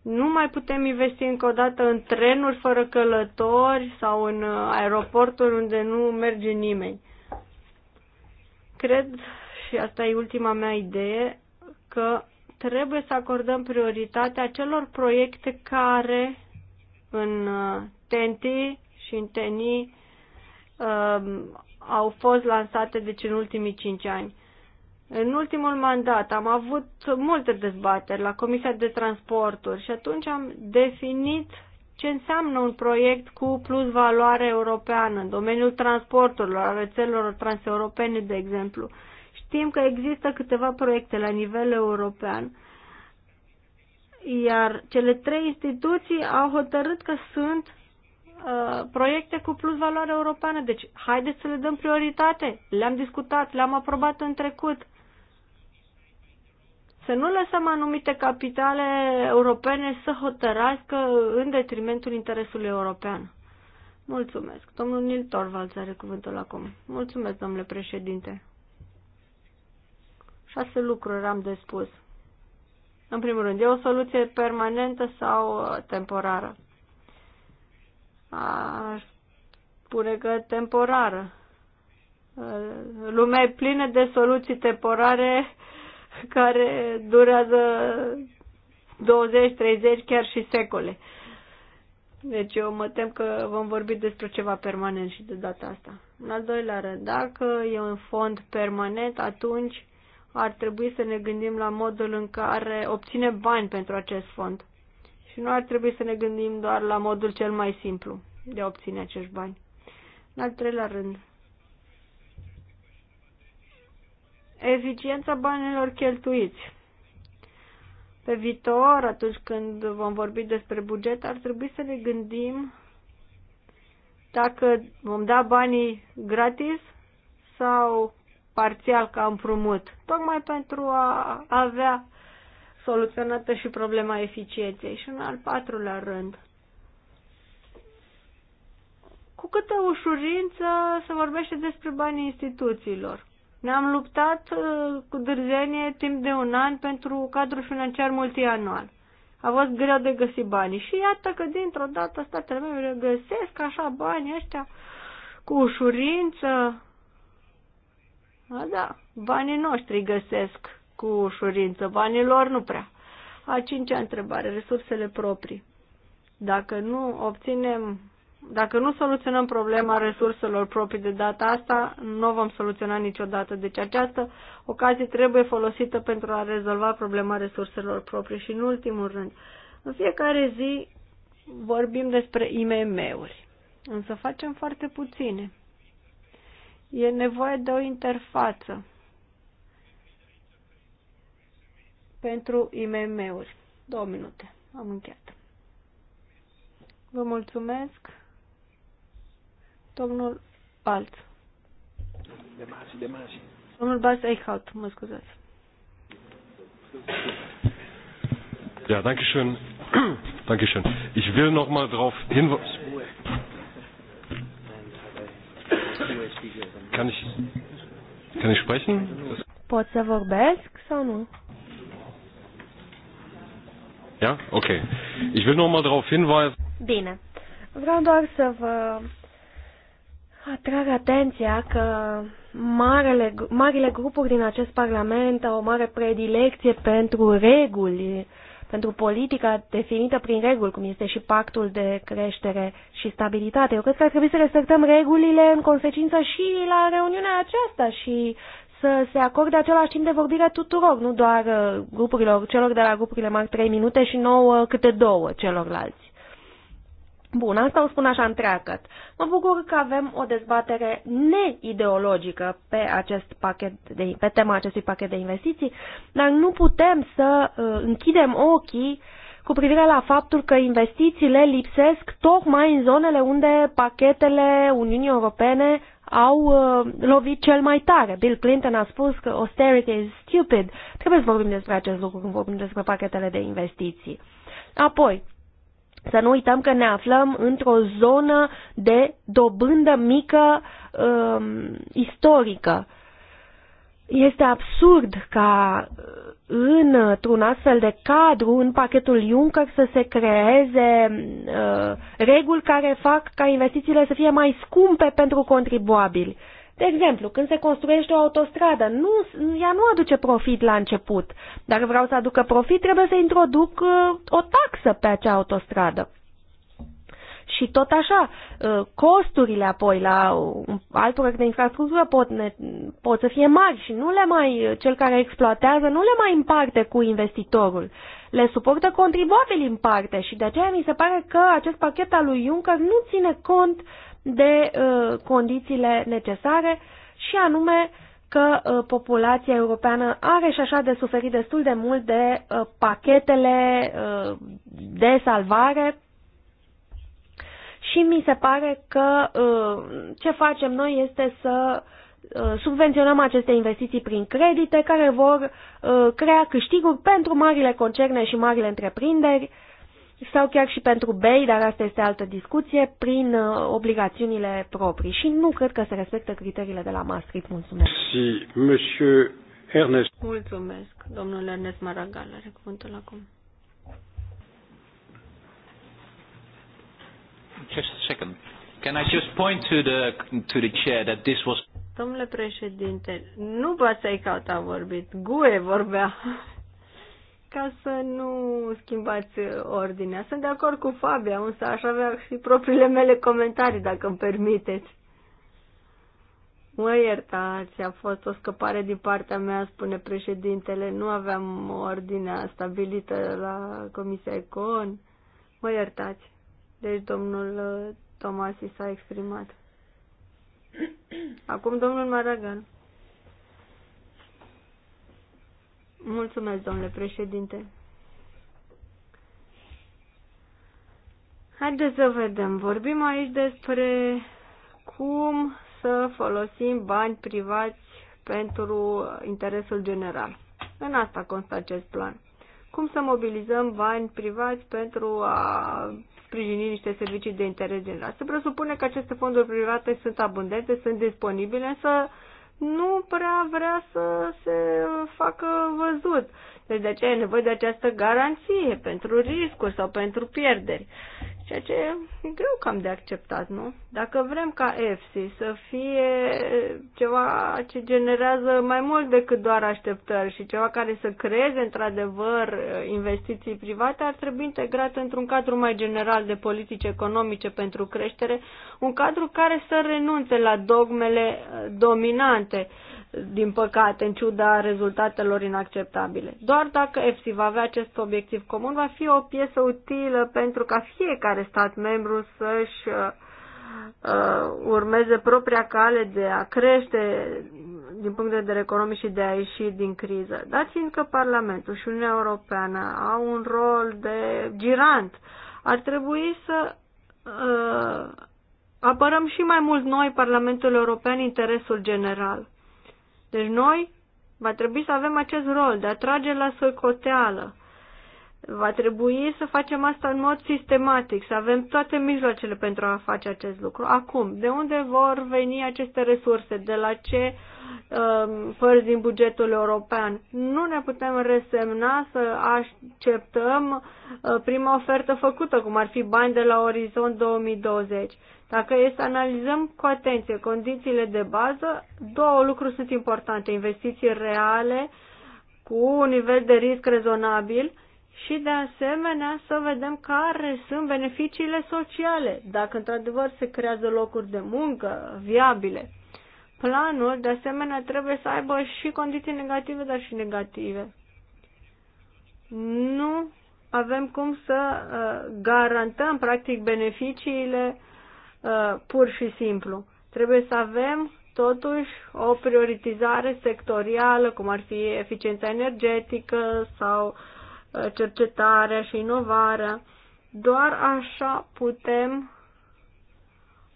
[SPEAKER 1] Nu mai putem investi încă o dată în trenuri fără călători sau în uh, aeroporturi unde nu merge nimeni. Cred, și asta e ultima mea idee, că trebuie să acordăm prioritatea celor proiecte care în TNT uh, și în TNI um, uh, au fost lansate deci în ultimii 5 ani. În ultimul mandat am avut multe dezbateri la Comisia de Transporturi și atunci am definit ce înseamnă un proiect cu plus valoare europeană în domeniul transporturilor, a rețelelor transeuropene, de exemplu. Știm că există câteva proiecte la nivel european, iar cele trei instituții au hotărât că sunt uh, proiecte cu plus valoare europeană. Deci, haideți să le dăm prioritate. Le-am discutat, le-am aprobat în trecut să nu lăsăm anumite capitale europene să hotărască în detrimentul interesului european. Mulțumesc. Domnul Nil Torvalds are cuvântul acum. Mulțumesc, domnule președinte. Șase lucruri am de spus. În primul rând, e o soluție permanentă sau temporară? Aș spune că temporară. Lumea e plină de soluții temporare care durează 20, 30, chiar și secole. Deci eu mă tem că vom vorbi despre ceva permanent și de data asta. În al doilea rând, dacă e un fond permanent, atunci ar trebui să ne gândim la modul în care obține bani pentru acest fond. Și nu ar trebui să ne gândim doar la modul cel mai simplu de a obține acești bani. În al treilea rând, eficiența banilor cheltuiți. Pe viitor, atunci când vom vorbi despre buget, ar trebui să ne gândim dacă vom da banii gratis sau parțial ca împrumut, tocmai pentru a avea soluționată și problema eficienței. Și în al patrulea rând, cu câtă ușurință se vorbește despre banii instituțiilor. Ne-am luptat uh, cu dârzenie timp de un an pentru cadrul financiar multianual. A fost greu de găsit banii și iată că dintr-o dată statele membre găsesc așa banii ăștia cu ușurință. A, da, banii noștri găsesc cu ușurință, banii lor nu prea. A cincea întrebare, resursele proprii. Dacă nu obținem dacă nu soluționăm problema resurselor proprii de data asta, nu vom soluționa niciodată. Deci această ocazie trebuie folosită pentru a rezolva problema resurselor proprii și, în ultimul rând, în fiecare zi vorbim despre IMM-uri, însă facem foarte puține. E nevoie de o interfață pentru IMM-uri. Două minute, am încheiat. Vă mulțumesc. Domnul Balț.
[SPEAKER 3] De masi, de masi.
[SPEAKER 1] Domnul Balț Eichhout, mă scuzați.
[SPEAKER 2] Ja, danke schön. danke schön. Ich will
[SPEAKER 1] noch mal drauf hinweisen. Kann ich, kann ich sprechen?
[SPEAKER 3] Ja, okay. Ich will noch mal darauf hinweisen. Bine. Vreau doar să vă Atrag atenția că marele, marile grupuri din acest parlament au o mare predilecție pentru reguli, pentru politica definită prin reguli, cum este și pactul de creștere și stabilitate. Eu cred că ar trebui să respectăm regulile în consecință și la reuniunea aceasta și să se acorde același timp de vorbire tuturor, nu doar uh, grupurilor, celor de la grupurile mari 3 minute și nouă câte două celorlalți. Bun, asta o spun așa întreagă. Mă bucur că avem o dezbatere neideologică pe, acest pachet de, pe tema acestui pachet de investiții, dar nu putem să uh, închidem ochii cu privire la faptul că investițiile lipsesc tocmai în zonele unde pachetele Uniunii Europene au uh, lovit cel mai tare. Bill Clinton a spus că austerity is stupid. Trebuie să vorbim despre acest lucru când vorbim despre pachetele de investiții. Apoi, să nu uităm că ne aflăm într-o zonă de dobândă mică um, istorică. Este absurd ca uh, într-un astfel de cadru, în pachetul Juncker, să se creeze uh, reguli care fac ca investițiile să fie mai scumpe pentru contribuabili. Uh, de exemplu, când se construiește o autostradă, nu, ea nu aduce profit la început. Dacă vreau să aducă profit, trebuie să introduc uh, o taxă pe acea autostradă. Și tot așa, uh, costurile apoi la un alt proiect de infrastructură pot, ne, pot să fie mari și nu le mai, cel care exploatează nu le mai împarte cu investitorul. Le suportă contribuabil în parte și de aceea mi se pare că acest pachet al lui Juncker nu ține cont de uh, condițiile necesare și anume că uh, populația europeană are și așa de suferit destul de mult de uh, pachetele de salvare și mi se pare că ce facem noi este să subvenționăm aceste investiții prin credite care vor crea câștiguri pentru marile concerne și marile întreprinderi sau chiar și pentru bei, dar asta este altă discuție, prin uh, obligațiunile proprii. Și nu cred că se respectă criteriile de la Maastricht. Mulțumesc.
[SPEAKER 1] Si, monsieur Ernest. Mulțumesc, domnul Ernest Maragal, are cuvântul acum.
[SPEAKER 2] Just a second. Can I just point to the, to the chair that this was...
[SPEAKER 1] Domnule președinte, nu Bațaicaut a vorbit, Gue vorbea ca să nu schimbați ordinea. Sunt de acord cu Fabia, însă aș avea și propriile mele comentarii, dacă îmi permiteți. Mă iertați, a fost o scăpare din partea mea, spune președintele. Nu aveam ordinea stabilită la Comisia Econ. Mă iertați. Deci domnul uh, Tomasi s-a exprimat. Acum domnul Maragan. Mulțumesc, domnule președinte. Haideți să vedem. Vorbim aici despre cum să folosim bani privați pentru interesul general. În asta constă acest plan. Cum să mobilizăm bani privați pentru a sprijini niște servicii de interes general. Se presupune că aceste fonduri private sunt abundente, sunt disponibile, însă nu prea vrea să se facă văzut. Deci de aceea e nevoie de această garanție pentru riscuri sau pentru pierderi. Ceea ce e greu cam de acceptat, nu? Dacă vrem ca EFSI să fie ceva ce generează mai mult decât doar așteptări și ceva care să creeze într-adevăr investiții private, ar trebui integrat într-un cadru mai general de politici economice pentru creștere, un cadru care să renunțe la dogmele dominante din păcate, în ciuda rezultatelor inacceptabile. Doar dacă EFSI va avea acest obiectiv comun, va fi o piesă utilă pentru ca fiecare stat membru să-și uh, uh, urmeze propria cale de a crește din punct de vedere economic și de a ieși din criză. Dar fiindcă Parlamentul și Uniunea Europeană au un rol de girant, ar trebui să uh, apărăm și mai mult noi, Parlamentul European, interesul general. Deci noi va trebui să avem acest rol de a trage la socoteală. Va trebui să facem asta în mod sistematic, să avem toate mijloacele pentru a face acest lucru. Acum, de unde vor veni aceste resurse? De la ce um, părți din bugetul european? Nu ne putem resemna să acceptăm uh, prima ofertă făcută, cum ar fi bani de la Orizont 2020. Dacă e să analizăm cu atenție condițiile de bază, două lucruri sunt importante. Investiții reale cu un nivel de risc rezonabil și de asemenea să vedem care sunt beneficiile sociale, dacă într-adevăr se creează locuri de muncă viabile. Planul, de asemenea, trebuie să aibă și condiții negative, dar și negative. Nu avem cum să uh, garantăm, practic, beneficiile Uh, pur și simplu. Trebuie să avem totuși o prioritizare sectorială, cum ar fi eficiența energetică sau uh, cercetarea și inovarea. Doar așa putem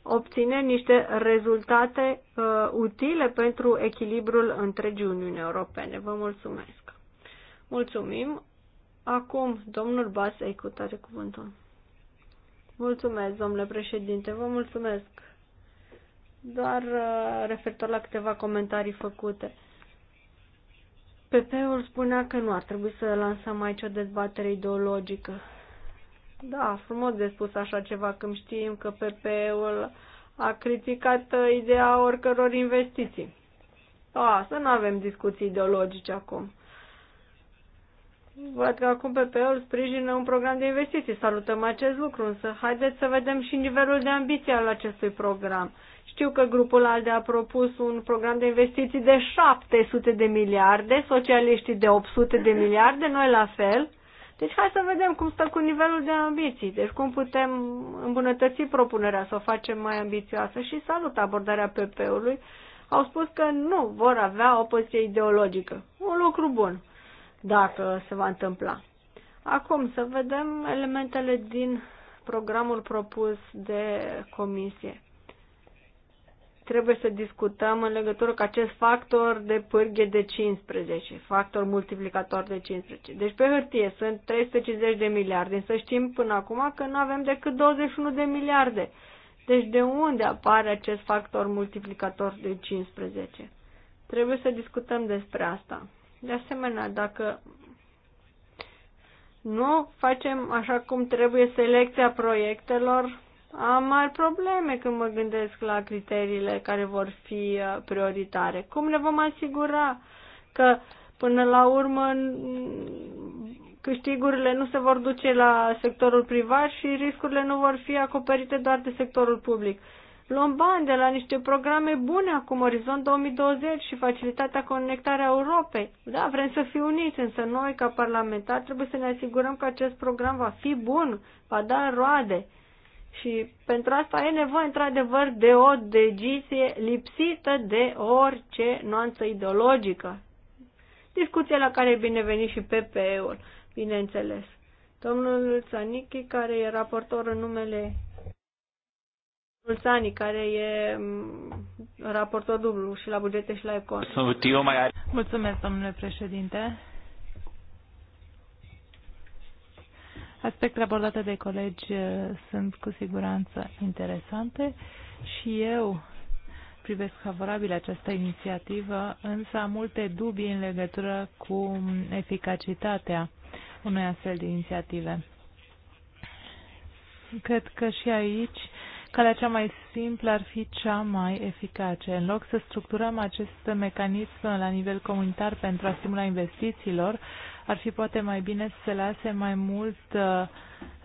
[SPEAKER 1] obține niște rezultate uh, utile pentru echilibrul întregii Uniunii Europene. Vă mulțumesc! Mulțumim! Acum, domnul Bas, ai cuvântul. Mulțumesc, domnule președinte, vă mulțumesc. Doar uh, referitor la câteva comentarii făcute. PP-ul spunea că nu ar trebui să lansăm aici o dezbatere ideologică. Da, frumos de spus așa ceva când știm că PP-ul a criticat ideea oricăror investiții. da să nu avem discuții ideologice acum. Văd că acum PP-ul sprijină un program de investiții. Salutăm acest lucru, însă haideți să vedem și nivelul de ambiție al acestui program. Știu că grupul ALDE a propus un program de investiții de 700 de miliarde, socialiștii de 800 de miliarde, noi la fel. Deci hai să vedem cum stă cu nivelul de ambiții, deci cum putem îmbunătăți propunerea, să o facem mai ambițioasă și salut abordarea PP-ului. Au spus că nu vor avea o poziție ideologică. Un lucru bun dacă se va întâmpla. Acum să vedem elementele din programul propus de comisie. Trebuie să discutăm în legătură cu acest factor de pârghie de 15, factor multiplicator de 15. Deci pe hârtie sunt 350 de miliarde, însă știm până acum că nu avem decât 21 de miliarde. Deci de unde apare acest factor multiplicator de 15? Trebuie să discutăm despre asta. De asemenea, dacă nu facem așa cum trebuie selecția proiectelor, am mari probleme când mă gândesc la criteriile care vor fi uh, prioritare. Cum ne vom asigura că până la urmă câștigurile nu se vor duce la sectorul privat și riscurile nu vor fi acoperite doar de sectorul public? Luăm bani de la niște programe bune acum, Orizont 2020 și Facilitatea Conectarea Europei. Da, vrem să fim uniți, însă noi, ca parlamentari, trebuie să ne asigurăm că acest program va fi bun, va da roade. Și pentru asta e nevoie, într-adevăr, de o decizie lipsită de orice nuanță ideologică. Discuția la care e binevenit și PPE-ul, bineînțeles. Domnul Țanichi, care e raportor în numele Sulțani, care e mm, raportor dublu și la bugete și la econ. Mulțumesc, domnule președinte.
[SPEAKER 2] Aspectele abordate de colegi eh, sunt cu siguranță interesante și eu privesc favorabil această inițiativă, însă am multe dubii în legătură cu eficacitatea unei astfel de inițiative. Cred că și aici Calea cea mai simplă ar fi cea mai eficace. În loc să structurăm acest mecanism la nivel comunitar pentru a stimula investițiilor, ar fi poate mai bine să se lase mai mult uh,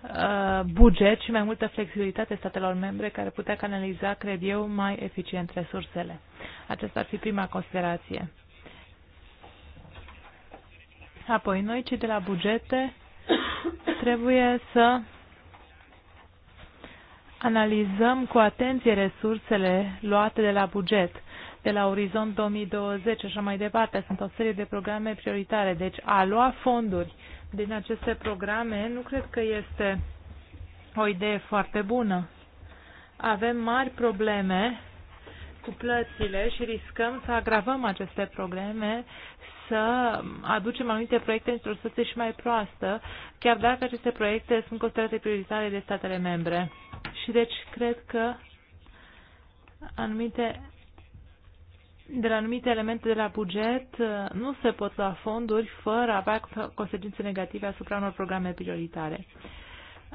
[SPEAKER 2] uh buget și mai multă flexibilitate statelor membre care putea canaliza, cred eu, mai eficient resursele. Aceasta ar fi prima considerație. Apoi, noi, cei de la bugete, trebuie să analizăm cu atenție resursele luate de la buget, de la Orizont 2020 și așa mai departe. Sunt o serie de programe prioritare. Deci a lua fonduri din aceste programe nu cred că este o idee foarte bună. Avem mari probleme cu plățile și riscăm să agravăm aceste probleme, să aducem anumite proiecte într-o situație și mai proastă, chiar dacă aceste proiecte sunt considerate prioritare de statele membre. Și deci cred că anumite, de la anumite elemente de la buget uh, nu se pot lua fonduri fără a avea consecințe negative asupra unor programe prioritare.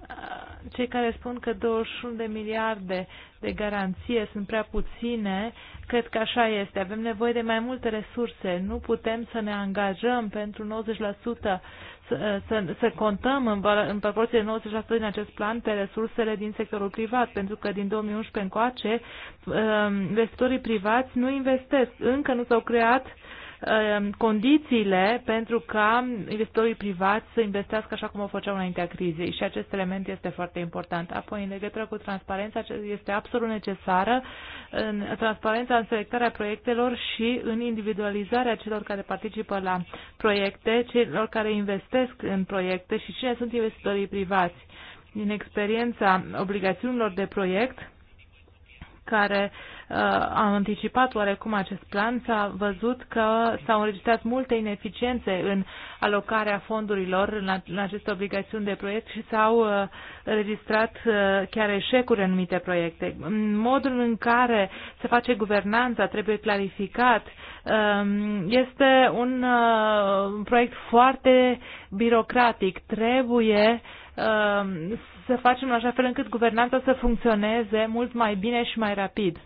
[SPEAKER 2] Uh, cei care spun că 21 de miliarde de garanție sunt prea puține, cred că așa este. Avem nevoie de mai multe resurse. Nu putem să ne angajăm pentru 90% să, să contăm în, în proporție de 90% din acest plan pe resursele din sectorul privat, pentru că din 2011 încoace um, investitorii privați nu investesc. Încă nu s-au creat Um, condițiile pentru ca investitorii privați să investească așa cum o făceau înaintea crizei și acest element este foarte important. Apoi, în legătură cu transparența, este absolut necesară în transparența în selectarea proiectelor și în individualizarea celor care participă la proiecte, celor care investesc în proiecte și cine sunt investitorii privați. Din experiența obligațiunilor de proiect, care uh, a anticipat oarecum acest plan, s-a văzut că s-au înregistrat multe ineficiențe în alocarea fondurilor în, în aceste obligațiuni de proiect și s-au uh, înregistrat uh, chiar eșecuri în anumite proiecte. Modul în care se face guvernanța trebuie clarificat. Um, este uh, un proiect foarte birocratic. Trebuie um, să facem în așa fel încât guvernanța să funcționeze mult mai bine și mai rapid.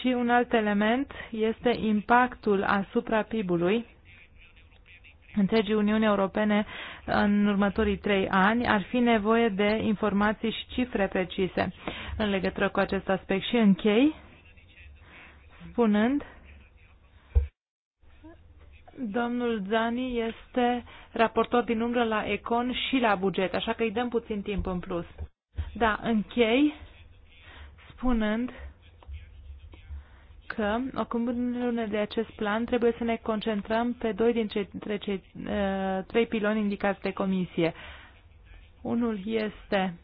[SPEAKER 2] Și un alt element este impactul asupra PIB-ului întregii Uniuni Europene în următorii trei ani, ar fi nevoie de informații și cifre precise în legătură cu acest aspect. Și închei spunând Domnul Zani este raportor din umbră la Econ și la buget, așa că îi dăm puțin timp în plus. Da, închei spunând că, acum în de acest plan, trebuie să ne concentrăm pe doi dintre cei eh, trei piloni indicați de comisie. Unul este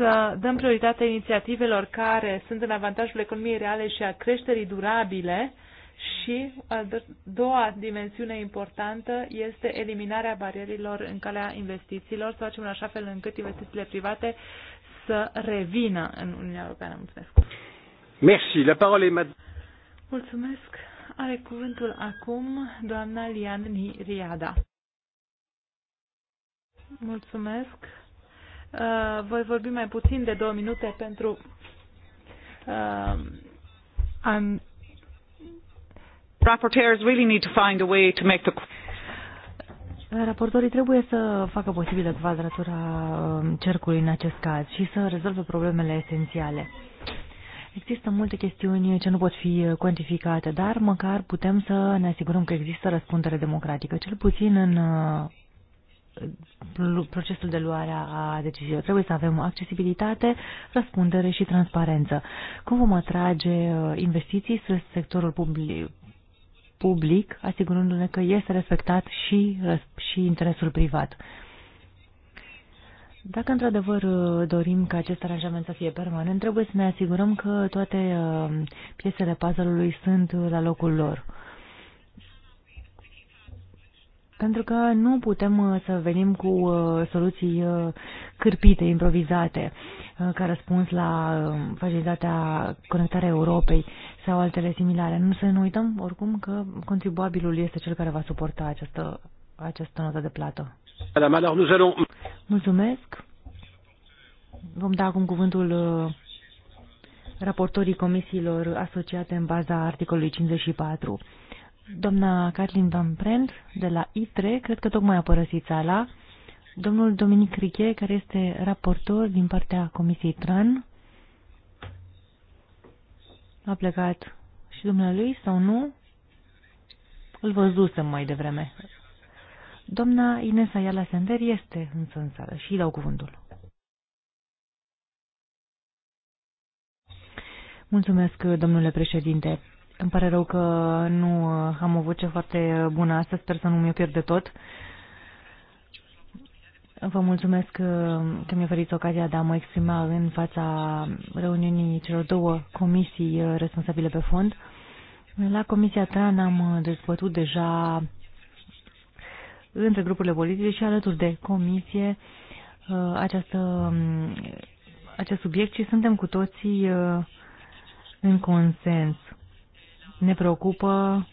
[SPEAKER 2] să dăm prioritate inițiativelor care sunt în avantajul economiei reale și a creșterii durabile și a doua dimensiune importantă este eliminarea barierilor în calea investițiilor, să facem în așa fel încât investițiile private să revină în Uniunea Europeană. Mulțumesc!
[SPEAKER 1] Merci. La parole est
[SPEAKER 2] Mulțumesc. Are cuvântul acum doamna Lian Riada. Mulțumesc. Uh, voi vorbi mai puțin de două minute pentru um, really need to find a way to make the Raportorii trebuie să facă posibilă cvadratura uh, cercului în acest caz și să rezolve problemele esențiale. Există multe chestiuni ce nu pot fi cuantificate, dar măcar putem să ne asigurăm că există răspundere democratică, cel puțin în procesul de luare a deciziilor. Trebuie să avem accesibilitate, răspundere și transparență. Cum vom atrage uh, investiții spre sectorul public, public asigurându-ne că este respectat și, și interesul privat? Dacă într-adevăr uh, dorim ca acest aranjament să fie permanent, trebuie să ne asigurăm că toate uh, piesele puzzle-ului sunt la locul lor. Pentru că nu putem uh, să venim cu uh, soluții uh, cârpite, improvizate, ca răspuns la um, facilitatea conectarea Europei sau altele similare. Nu să ne uităm oricum că contribuabilul este cel care va suporta această, această notă de plată. Mulțumesc. Vom da acum cuvântul raportorii comisiilor asociate în baza articolului 54. Doamna Kathleen Van Prent, de la ITRE, cred că tocmai a părăsit sala. Domnul Dominic Riche, care este raportor din partea Comisiei TRAN, a plecat și dumnealui sau nu? Îl văzusem mai devreme. Doamna Inesa Iala Sender este însă în sală și îi dau cuvântul. Mulțumesc, domnule președinte. Îmi pare rău că nu uh, am o voce foarte uh, bună astăzi, sper să nu mi-o pierd de tot. Vă mulțumesc uh, că mi-a oferit ocazia de a mă exprima în fața reuniunii celor două comisii responsabile pe fond. La Comisia TRAN am dezbătut deja între grupurile politice și alături de comisie această, um, acest subiect și suntem cu toții în consens ne preocupă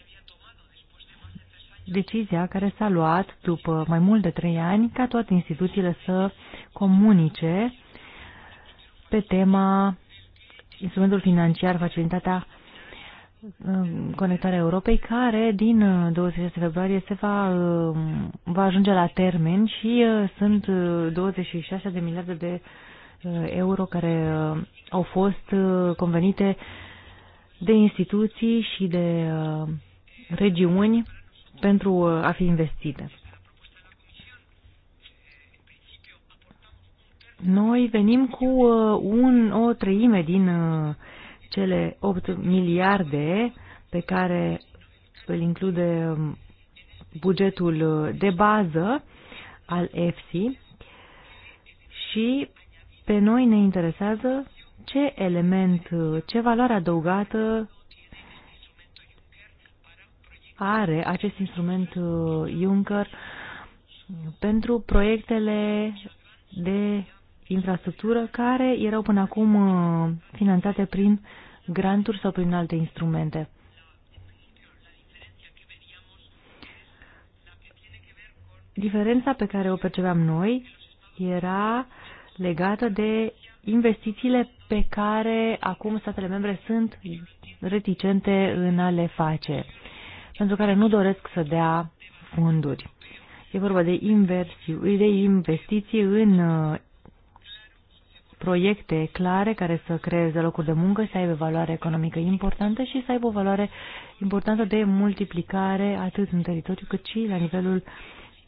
[SPEAKER 2] decizia care s-a luat după mai mult de trei ani ca toate instituțiile să comunice pe tema instrumentul financiar, facilitatea um, Conectarea Europei, care din 26 uh, februarie se va, um, va ajunge la termen și uh, sunt 26 uh, de miliarde de euro care au fost convenite de instituții și de uh, regiuni pentru uh, a fi investite. Noi venim cu uh, un, o treime din cele 8 miliarde pe care îl include um, bugetul de bază al EFSI și pe noi ne interesează ce element, ce valoare adăugată are acest instrument uh, Juncker pentru proiectele de infrastructură care erau până acum uh, finanțate prin granturi sau prin alte instrumente. Diferența pe care o percepeam noi era legată de investițiile pe care acum statele membre sunt reticente în a le face, pentru care nu doresc să dea fonduri. E vorba de, inversii, de investiții în uh, proiecte clare care să creeze locuri de muncă, să aibă valoare economică importantă și să aibă o valoare importantă de multiplicare atât în teritoriu cât și la nivelul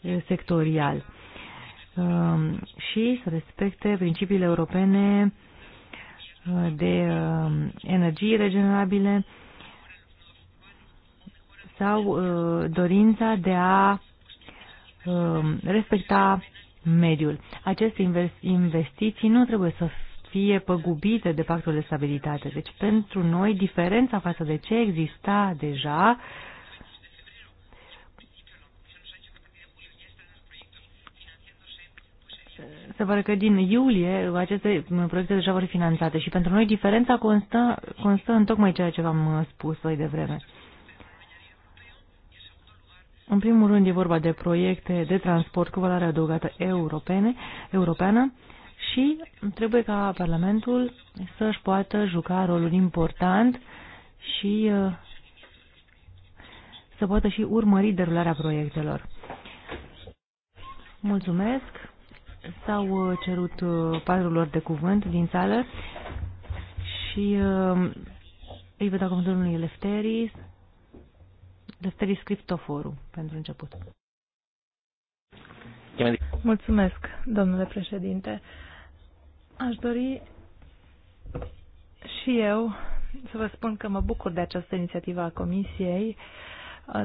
[SPEAKER 2] uh, sectorial și să respecte principiile europene uh, de uh, energii regenerabile sau uh, dorința de a respecta mediul. Aceste investiții nu trebuie să fie păgubite de pactul de stabilitate. Deci, pentru noi, diferența față de ce exista deja uh, Se pare că din iulie aceste proiecte deja vor fi finanțate și pentru noi diferența constă, constă în tocmai ceea ce v-am spus de devreme. În primul rând e vorba de proiecte de transport cu valoare adăugată europene, europeană și trebuie ca Parlamentul să-și poată juca rolul important și uh, să poată și urmări derularea proiectelor. Mulțumesc! S-au uh, cerut uh, patru lor de cuvânt din sală și uh, îi văd acum domnului Lefteris, Lefteris Scriptoforu, pentru început. Mulțumesc, domnule președinte. Aș dori și eu să vă spun că mă bucur de această inițiativă a Comisiei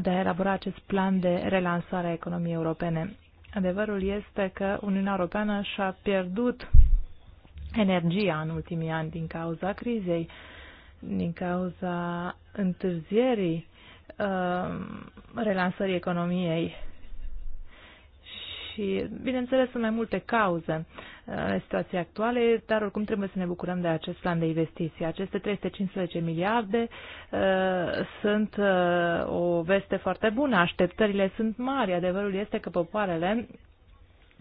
[SPEAKER 2] de a elabora acest plan de relansare a economiei europene. Adevărul este că Uniunea Europeană și-a pierdut energia în ultimii ani din cauza crizei, din cauza întârzierii uh, relansării economiei și, bineînțeles, sunt mai multe cauze uh, în situația actuală, dar oricum trebuie să ne bucurăm de acest plan de investiții. Aceste 315 miliarde uh, sunt uh, o veste foarte bună. Așteptările sunt mari. Adevărul este că popoarele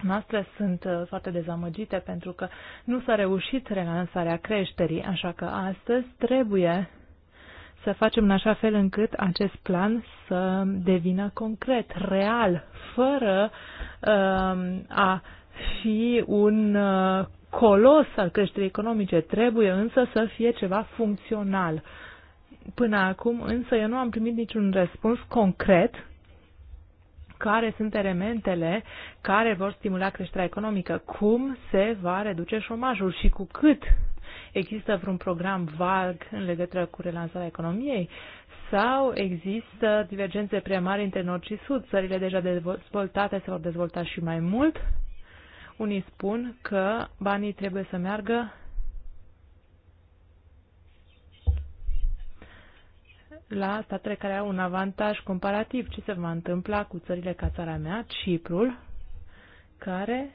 [SPEAKER 2] noastre sunt uh, foarte dezamăgite pentru că nu s-a reușit relansarea creșterii, așa că astăzi trebuie să facem în așa fel încât acest plan să devină concret, real, fără uh, a fi un uh, colos al creșterii economice. Trebuie însă să fie ceva funcțional. Până acum însă eu nu am primit niciun răspuns concret care sunt elementele care vor stimula creșterea economică, cum se va reduce șomajul și cu cât Există vreun program vag în legătură cu relansarea economiei? Sau există divergențe prea mari între nord și sud? Țările deja dezvoltate se vor dezvolta și mai mult? Unii spun că banii trebuie să meargă la statele care au un avantaj comparativ. Ce se va întâmpla cu țările ca țara mea, Ciprul, care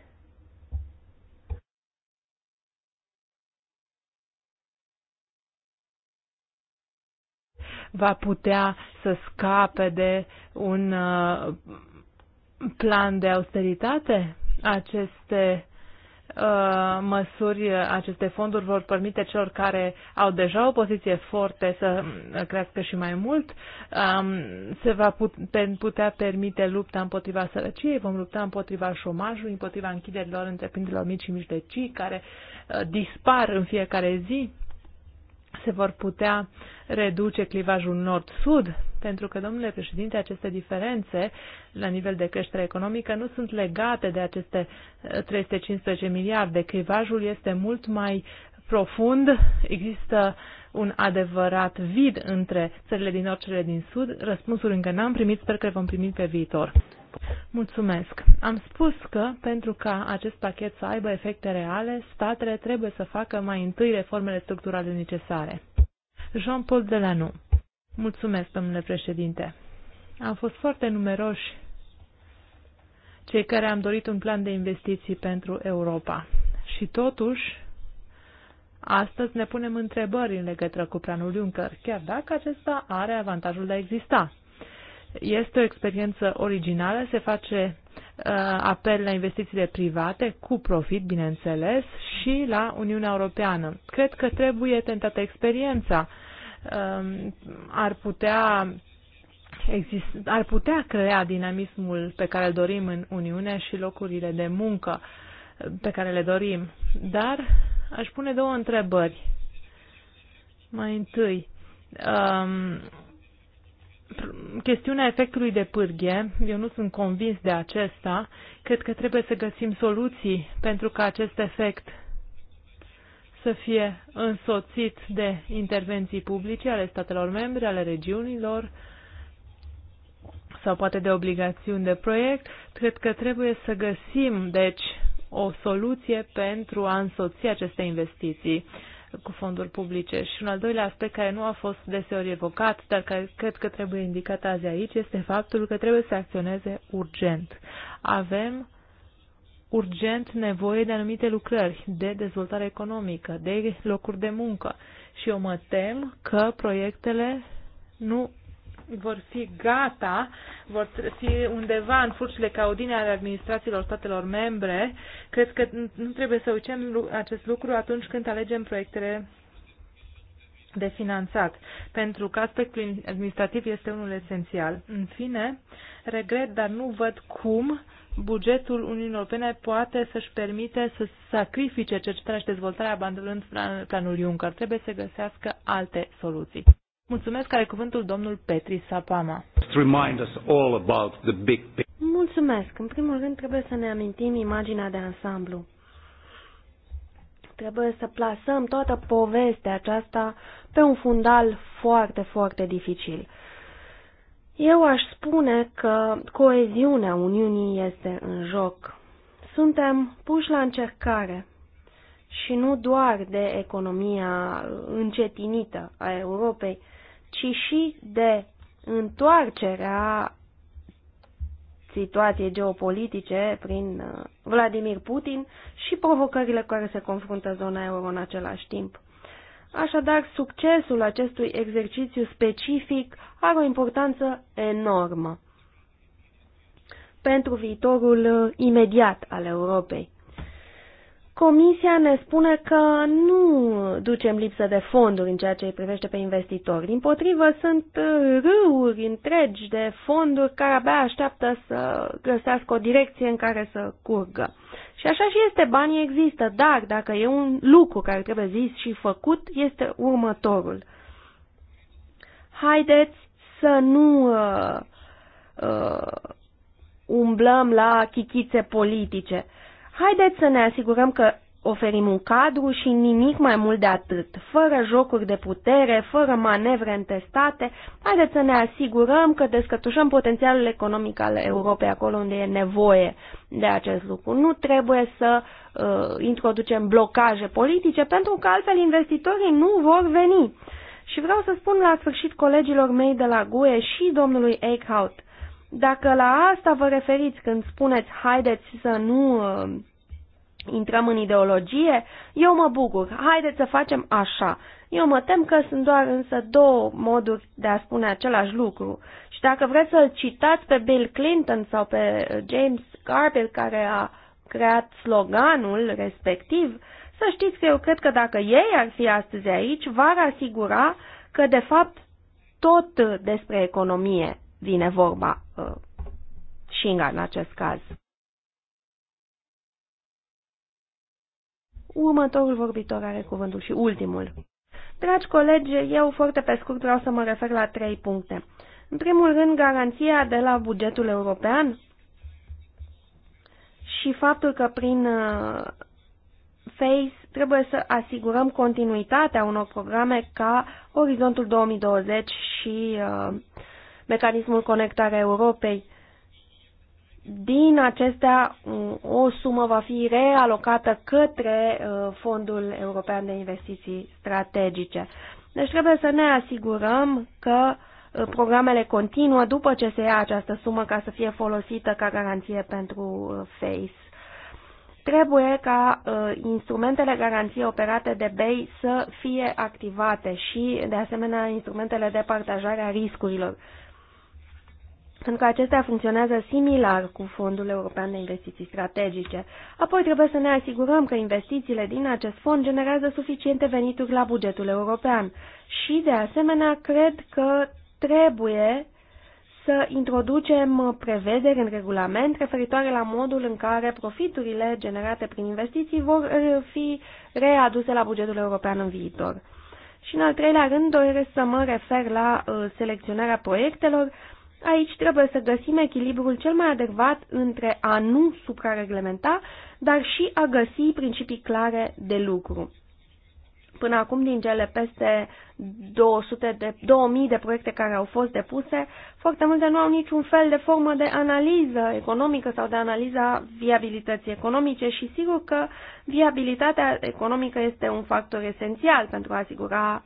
[SPEAKER 2] va putea să scape de un uh, plan de austeritate? Aceste uh, măsuri, aceste fonduri vor permite celor care au deja o poziție forte să uh, crească și mai mult. Um, se va putea permite lupta împotriva sărăciei, vom lupta împotriva șomajului, împotriva închiderilor întreprinderilor mici și mijlocii care dispar în fiecare zi se vor putea reduce clivajul nord-sud, pentru că, domnule președinte, aceste diferențe la nivel de creștere economică nu sunt legate de aceste 315 uh, miliarde. Clivajul este mult mai profund, există un adevărat vid între țările din nord și cele din sud. Răspunsul încă n-am primit, sper că vom primi pe viitor. Mulțumesc. Am spus că, pentru ca acest pachet să aibă efecte reale, statele trebuie să facă mai întâi reformele structurale necesare. Jean-Paul Delanu. Mulțumesc, domnule președinte. Am fost foarte numeroși cei care am dorit un plan de investiții pentru Europa. Și totuși, astăzi ne punem întrebări în legătură cu planul Juncker, chiar dacă acesta are avantajul de a exista. Este o experiență originală, se face uh, apel la investițiile private, cu profit, bineînțeles, și la Uniunea Europeană. Cred că trebuie tentată experiența. Um, ar putea, exist, ar putea crea dinamismul pe care îl dorim în Uniune și locurile de muncă pe care le dorim. Dar aș pune două întrebări. Mai întâi, um, chestiunea efectului de pârghie, eu nu sunt convins de acesta, cred că trebuie să găsim soluții pentru ca acest efect să fie însoțit de intervenții publice ale statelor membre, ale regiunilor sau poate de obligațiuni de proiect. Cred că trebuie să găsim, deci, o soluție pentru a însoți aceste investiții. Uh, cu fonduri publice. Și un al doilea aspect care nu a fost deseori evocat, dar care cred că trebuie indicat azi aici, este faptul că trebuie să acționeze urgent. Avem urgent nevoie de anumite lucrări, de dezvoltare economică, de locuri de muncă. Și eu mă tem că proiectele nu vor fi gata, vor fi undeva în furcile caudine ale administrațiilor statelor membre. Cred că nu trebuie să ucem acest lucru atunci când alegem proiectele de finanțat, pentru că aspectul administrativ este unul esențial. În fine, regret, dar nu văd cum bugetul Uniunii Europene poate să-și permite să sacrifice cercetarea și dezvoltarea abandonând planul Juncker. Trebuie să găsească alte soluții. Mulțumesc, are cuvântul domnul Petri Sapama.
[SPEAKER 3] Mulțumesc. În primul rând trebuie să ne amintim imaginea de ansamblu. Trebuie să plasăm toată povestea aceasta pe un fundal foarte, foarte dificil. Eu aș spune că coeziunea Uniunii este în joc. Suntem puși la încercare și nu doar de economia încetinită a Europei, ci și de întoarcerea situației geopolitice prin uh, Vladimir Putin și provocările cu care se confruntă zona euro în același timp. Așadar, succesul acestui exercițiu specific are o importanță enormă pentru viitorul uh, imediat al Europei. Comisia ne spune că nu ducem lipsă de fonduri în ceea ce îi privește pe investitori. Din potrivă, sunt uh, râuri întregi de fonduri care abia așteaptă să găsească o direcție în care să curgă. Și așa și este, banii există, dar dacă e un lucru care trebuie zis și făcut, este următorul. Haideți să nu uh, uh, umblăm la chichițe politice. Uh, Haideți să ne asigurăm că oferim un cadru și nimic mai mult de atât, fără jocuri de putere, fără manevre întestate, haideți să ne asigurăm că descătușăm potențialul economic al Europei acolo unde e nevoie de acest lucru. Nu trebuie să uh, introducem blocaje politice pentru că altfel investitorii nu vor veni. Și vreau să spun la sfârșit colegilor mei de la GUE și domnului Eichhout, dacă la asta vă referiți când spuneți haideți să nu uh, intrăm în ideologie, eu mă bucur. Haideți să facem așa. Eu mă tem că sunt doar însă două moduri de a spune același lucru. Și dacă vreți să-l citați pe Bill Clinton sau pe James Carpel, care a creat sloganul respectiv, să știți că eu cred că dacă ei ar fi astăzi aici, v-ar asigura că, de fapt, tot despre economie vine vorba uh, și în acest caz. Următorul vorbitor are cuvântul și ultimul. Dragi colegi, eu foarte pe scurt vreau să mă refer la trei puncte. În primul rând, garanția de la bugetul european și faptul că prin uh, FACE trebuie să asigurăm continuitatea unor programe ca Orizontul 2020 și uh, mecanismul conectarea Europei. Din acestea, o sumă va fi realocată către uh, Fondul European de Investiții Strategice. Deci trebuie să ne asigurăm că uh, programele continuă după ce se ia această sumă ca să fie folosită ca garanție pentru uh, FACE. Trebuie ca uh, instrumentele garanție operate de BEI să fie activate și, de asemenea, instrumentele de partajare a riscurilor pentru că acestea funcționează similar cu Fondul European de Investiții Strategice. Apoi trebuie să ne asigurăm că investițiile din acest fond generează suficiente venituri la bugetul european și, de asemenea, cred că trebuie să introducem prevederi în regulament referitoare la modul în care profiturile generate prin investiții vor uh, fi readuse la bugetul european în viitor. Și în al treilea rând doresc să mă refer la uh, selecționarea proiectelor Aici trebuie să găsim echilibrul cel mai adecvat între a nu suprareglementa, dar și a găsi principii clare de lucru. Până acum, din cele peste 200 de, 2000 de proiecte care au fost depuse, foarte multe nu au niciun fel de formă de analiză economică sau de analiza viabilității economice și sigur că viabilitatea economică este un factor esențial pentru a asigura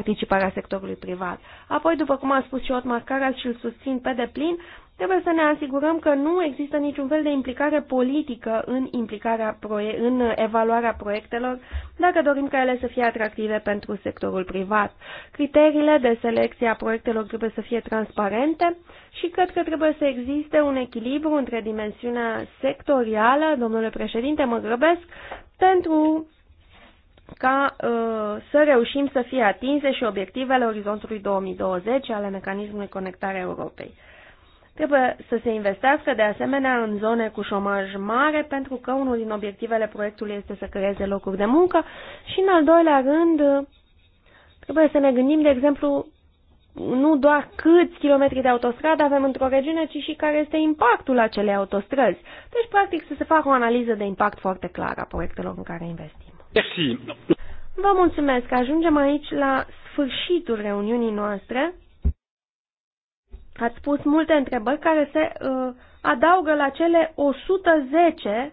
[SPEAKER 3] participarea sectorului privat. Apoi, după cum a spus și Otmar Caras și îl susțin pe deplin, trebuie să ne asigurăm că nu există niciun fel de implicare politică în, implicarea proie- în evaluarea proiectelor, dacă dorim ca ele să fie atractive pentru sectorul privat. Criteriile de selecție a proiectelor trebuie să fie transparente și cred că trebuie să existe un echilibru între dimensiunea sectorială, domnule președinte, mă grăbesc, pentru ca uh, să reușim să fie atinse și obiectivele orizontului 2020 ale mecanismului a Europei. Trebuie să se investească de asemenea în zone cu șomaj mare, pentru că unul din obiectivele proiectului este să creeze locuri de muncă și, în al doilea rând, trebuie să ne gândim, de exemplu, nu doar câți kilometri de autostradă avem într-o regiune, ci și care este impactul acelei autostrăzi. Deci, practic, să se facă o analiză de impact foarte clară a proiectelor în care investim. Merci. Vă mulțumesc. Ajungem aici la sfârșitul reuniunii noastre. Ați pus multe întrebări care se uh, adaugă la cele 110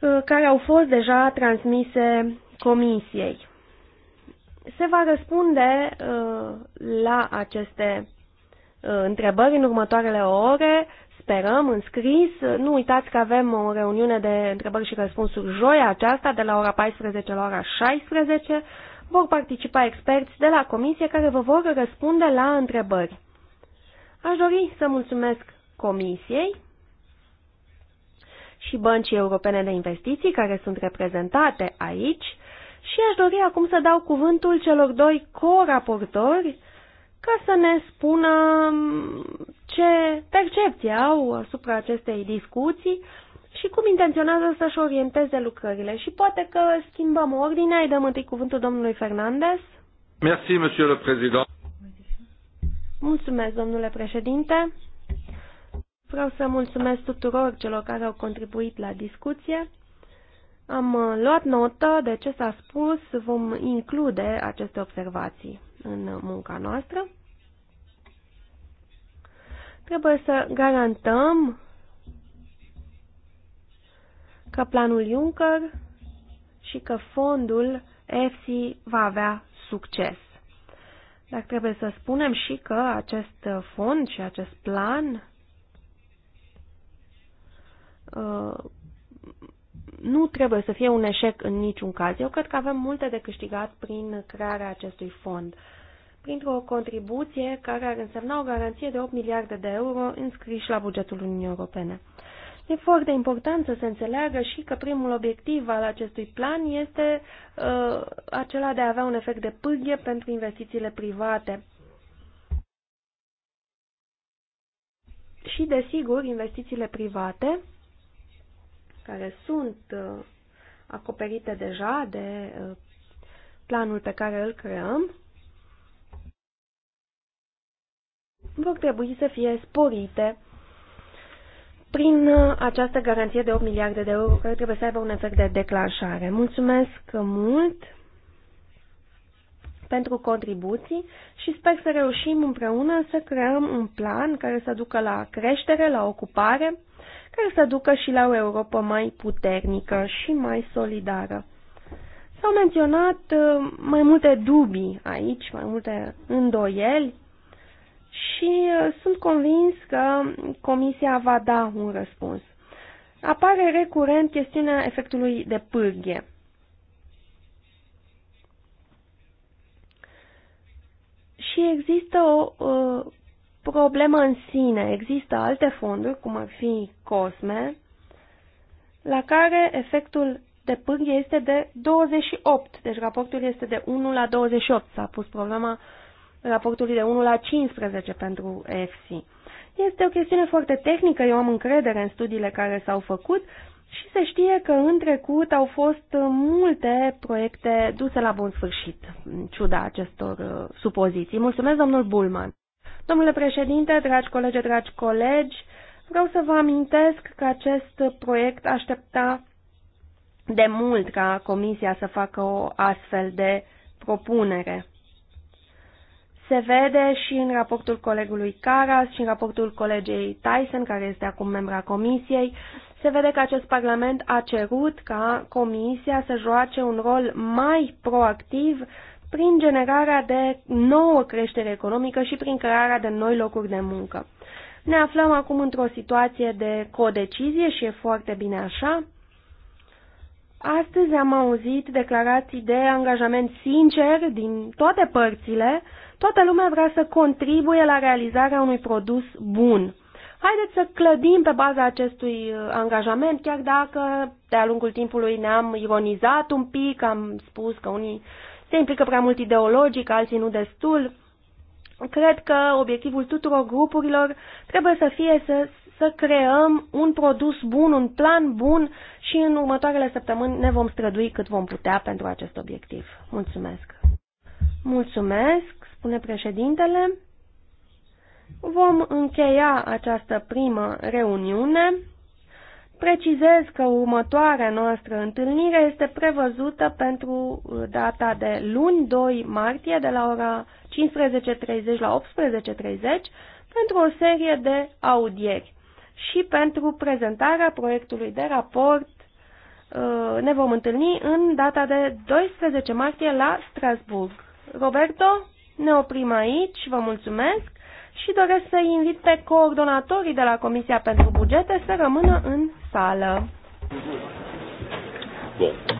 [SPEAKER 3] uh, care au fost deja transmise comisiei. Se va răspunde uh, la aceste uh, întrebări în următoarele ore sperăm în scris. Nu uitați că avem o reuniune de întrebări și răspunsuri joia aceasta de la ora 14 la ora 16. Vor participa experți de la comisie care vă vor răspunde la întrebări. Aș dori să mulțumesc comisiei și băncii europene de investiții care sunt reprezentate aici și aș dori acum să dau cuvântul celor doi co-raportori ca să ne spună percepție au asupra acestei discuții și cum intenționează să-și orienteze lucrările. Și poate că schimbăm ordinea, îi dăm întâi cuvântul domnului Fernandez.
[SPEAKER 1] Merci, monsieur le président.
[SPEAKER 3] Mulțumesc, domnule președinte. Vreau să mulțumesc tuturor celor care au contribuit la discuție. Am luat notă de ce s-a spus, vom include aceste observații în munca noastră. Trebuie să garantăm că planul Juncker și că fondul EFSI va avea succes. Dar trebuie să spunem și că acest fond și acest plan uh, nu trebuie să fie un eșec în niciun caz. Eu cred că avem multe de câștigat prin crearea acestui fond printr-o contribuție care ar însemna o garanție de 8 miliarde de euro înscriși la bugetul Uniunii Europene. E foarte important să se înțeleagă și că primul obiectiv al acestui plan este uh, acela de a avea un efect de pârghie pentru investițiile private. Și, desigur, investițiile private, care sunt uh, acoperite deja de uh, planul pe care îl creăm, vor trebui să fie sporite prin uh, această garanție de 8 miliarde de euro care trebuie să aibă un efect de declanșare. Mulțumesc mult pentru contribuții și sper să reușim împreună să creăm un plan care să ducă la creștere, la ocupare, care să ducă și la o Europa mai puternică și mai solidară. S-au menționat uh, mai multe dubii aici, mai multe îndoieli și uh, sunt convins că Comisia va da un răspuns. Apare recurent chestiunea efectului de pârghie. Și există o uh, problemă în sine. Există alte fonduri, cum ar fi COSME, la care efectul de pârghie este de 28. Deci raportul este de 1 la 28. S-a pus problema uh, raportului de 1 la 15 pentru FC. Este o chestiune foarte tehnică, eu am încredere în studiile care s-au făcut și se știe că în trecut au fost multe proiecte duse la bun sfârșit, în ciuda acestor uh, supoziții. Mulțumesc, domnul Bulman. Domnule președinte, dragi colegi, dragi colegi, vreau să vă amintesc că acest proiect aștepta de mult ca Comisia să facă o astfel de propunere se vede și în raportul colegului Caras și în raportul colegei Tyson, care este acum membra comisiei, se vede că acest Parlament a cerut ca comisia să joace un rol mai proactiv prin generarea de nouă creștere economică și prin crearea de noi locuri de muncă. Ne aflăm acum într-o situație de codecizie și e foarte bine așa. Astăzi am auzit declarații de angajament sincer din toate părțile Toată lumea vrea să contribuie la realizarea unui produs bun. Haideți să clădim pe baza acestui uh, angajament, chiar dacă de-a lungul timpului ne-am ironizat un pic, am spus că unii se implică prea mult ideologic, alții nu destul. Cred că obiectivul tuturor grupurilor trebuie să fie să, să creăm un produs bun, un plan bun și în următoarele săptămâni ne vom strădui cât vom putea pentru acest obiectiv. Mulțumesc! Mulțumesc, spune președintele. Vom încheia această primă reuniune. Precizez că următoarea noastră întâlnire este prevăzută pentru uh, data de luni 2 martie de la ora 15.30 la 18.30 pentru o serie de audieri și pentru prezentarea proiectului de raport
[SPEAKER 1] uh,
[SPEAKER 3] ne vom întâlni în data de 12 martie la Strasburg. Roberto, ne oprim aici, vă mulțumesc și doresc să invit pe coordonatorii de la Comisia pentru Bugete să rămână în sală. Bun.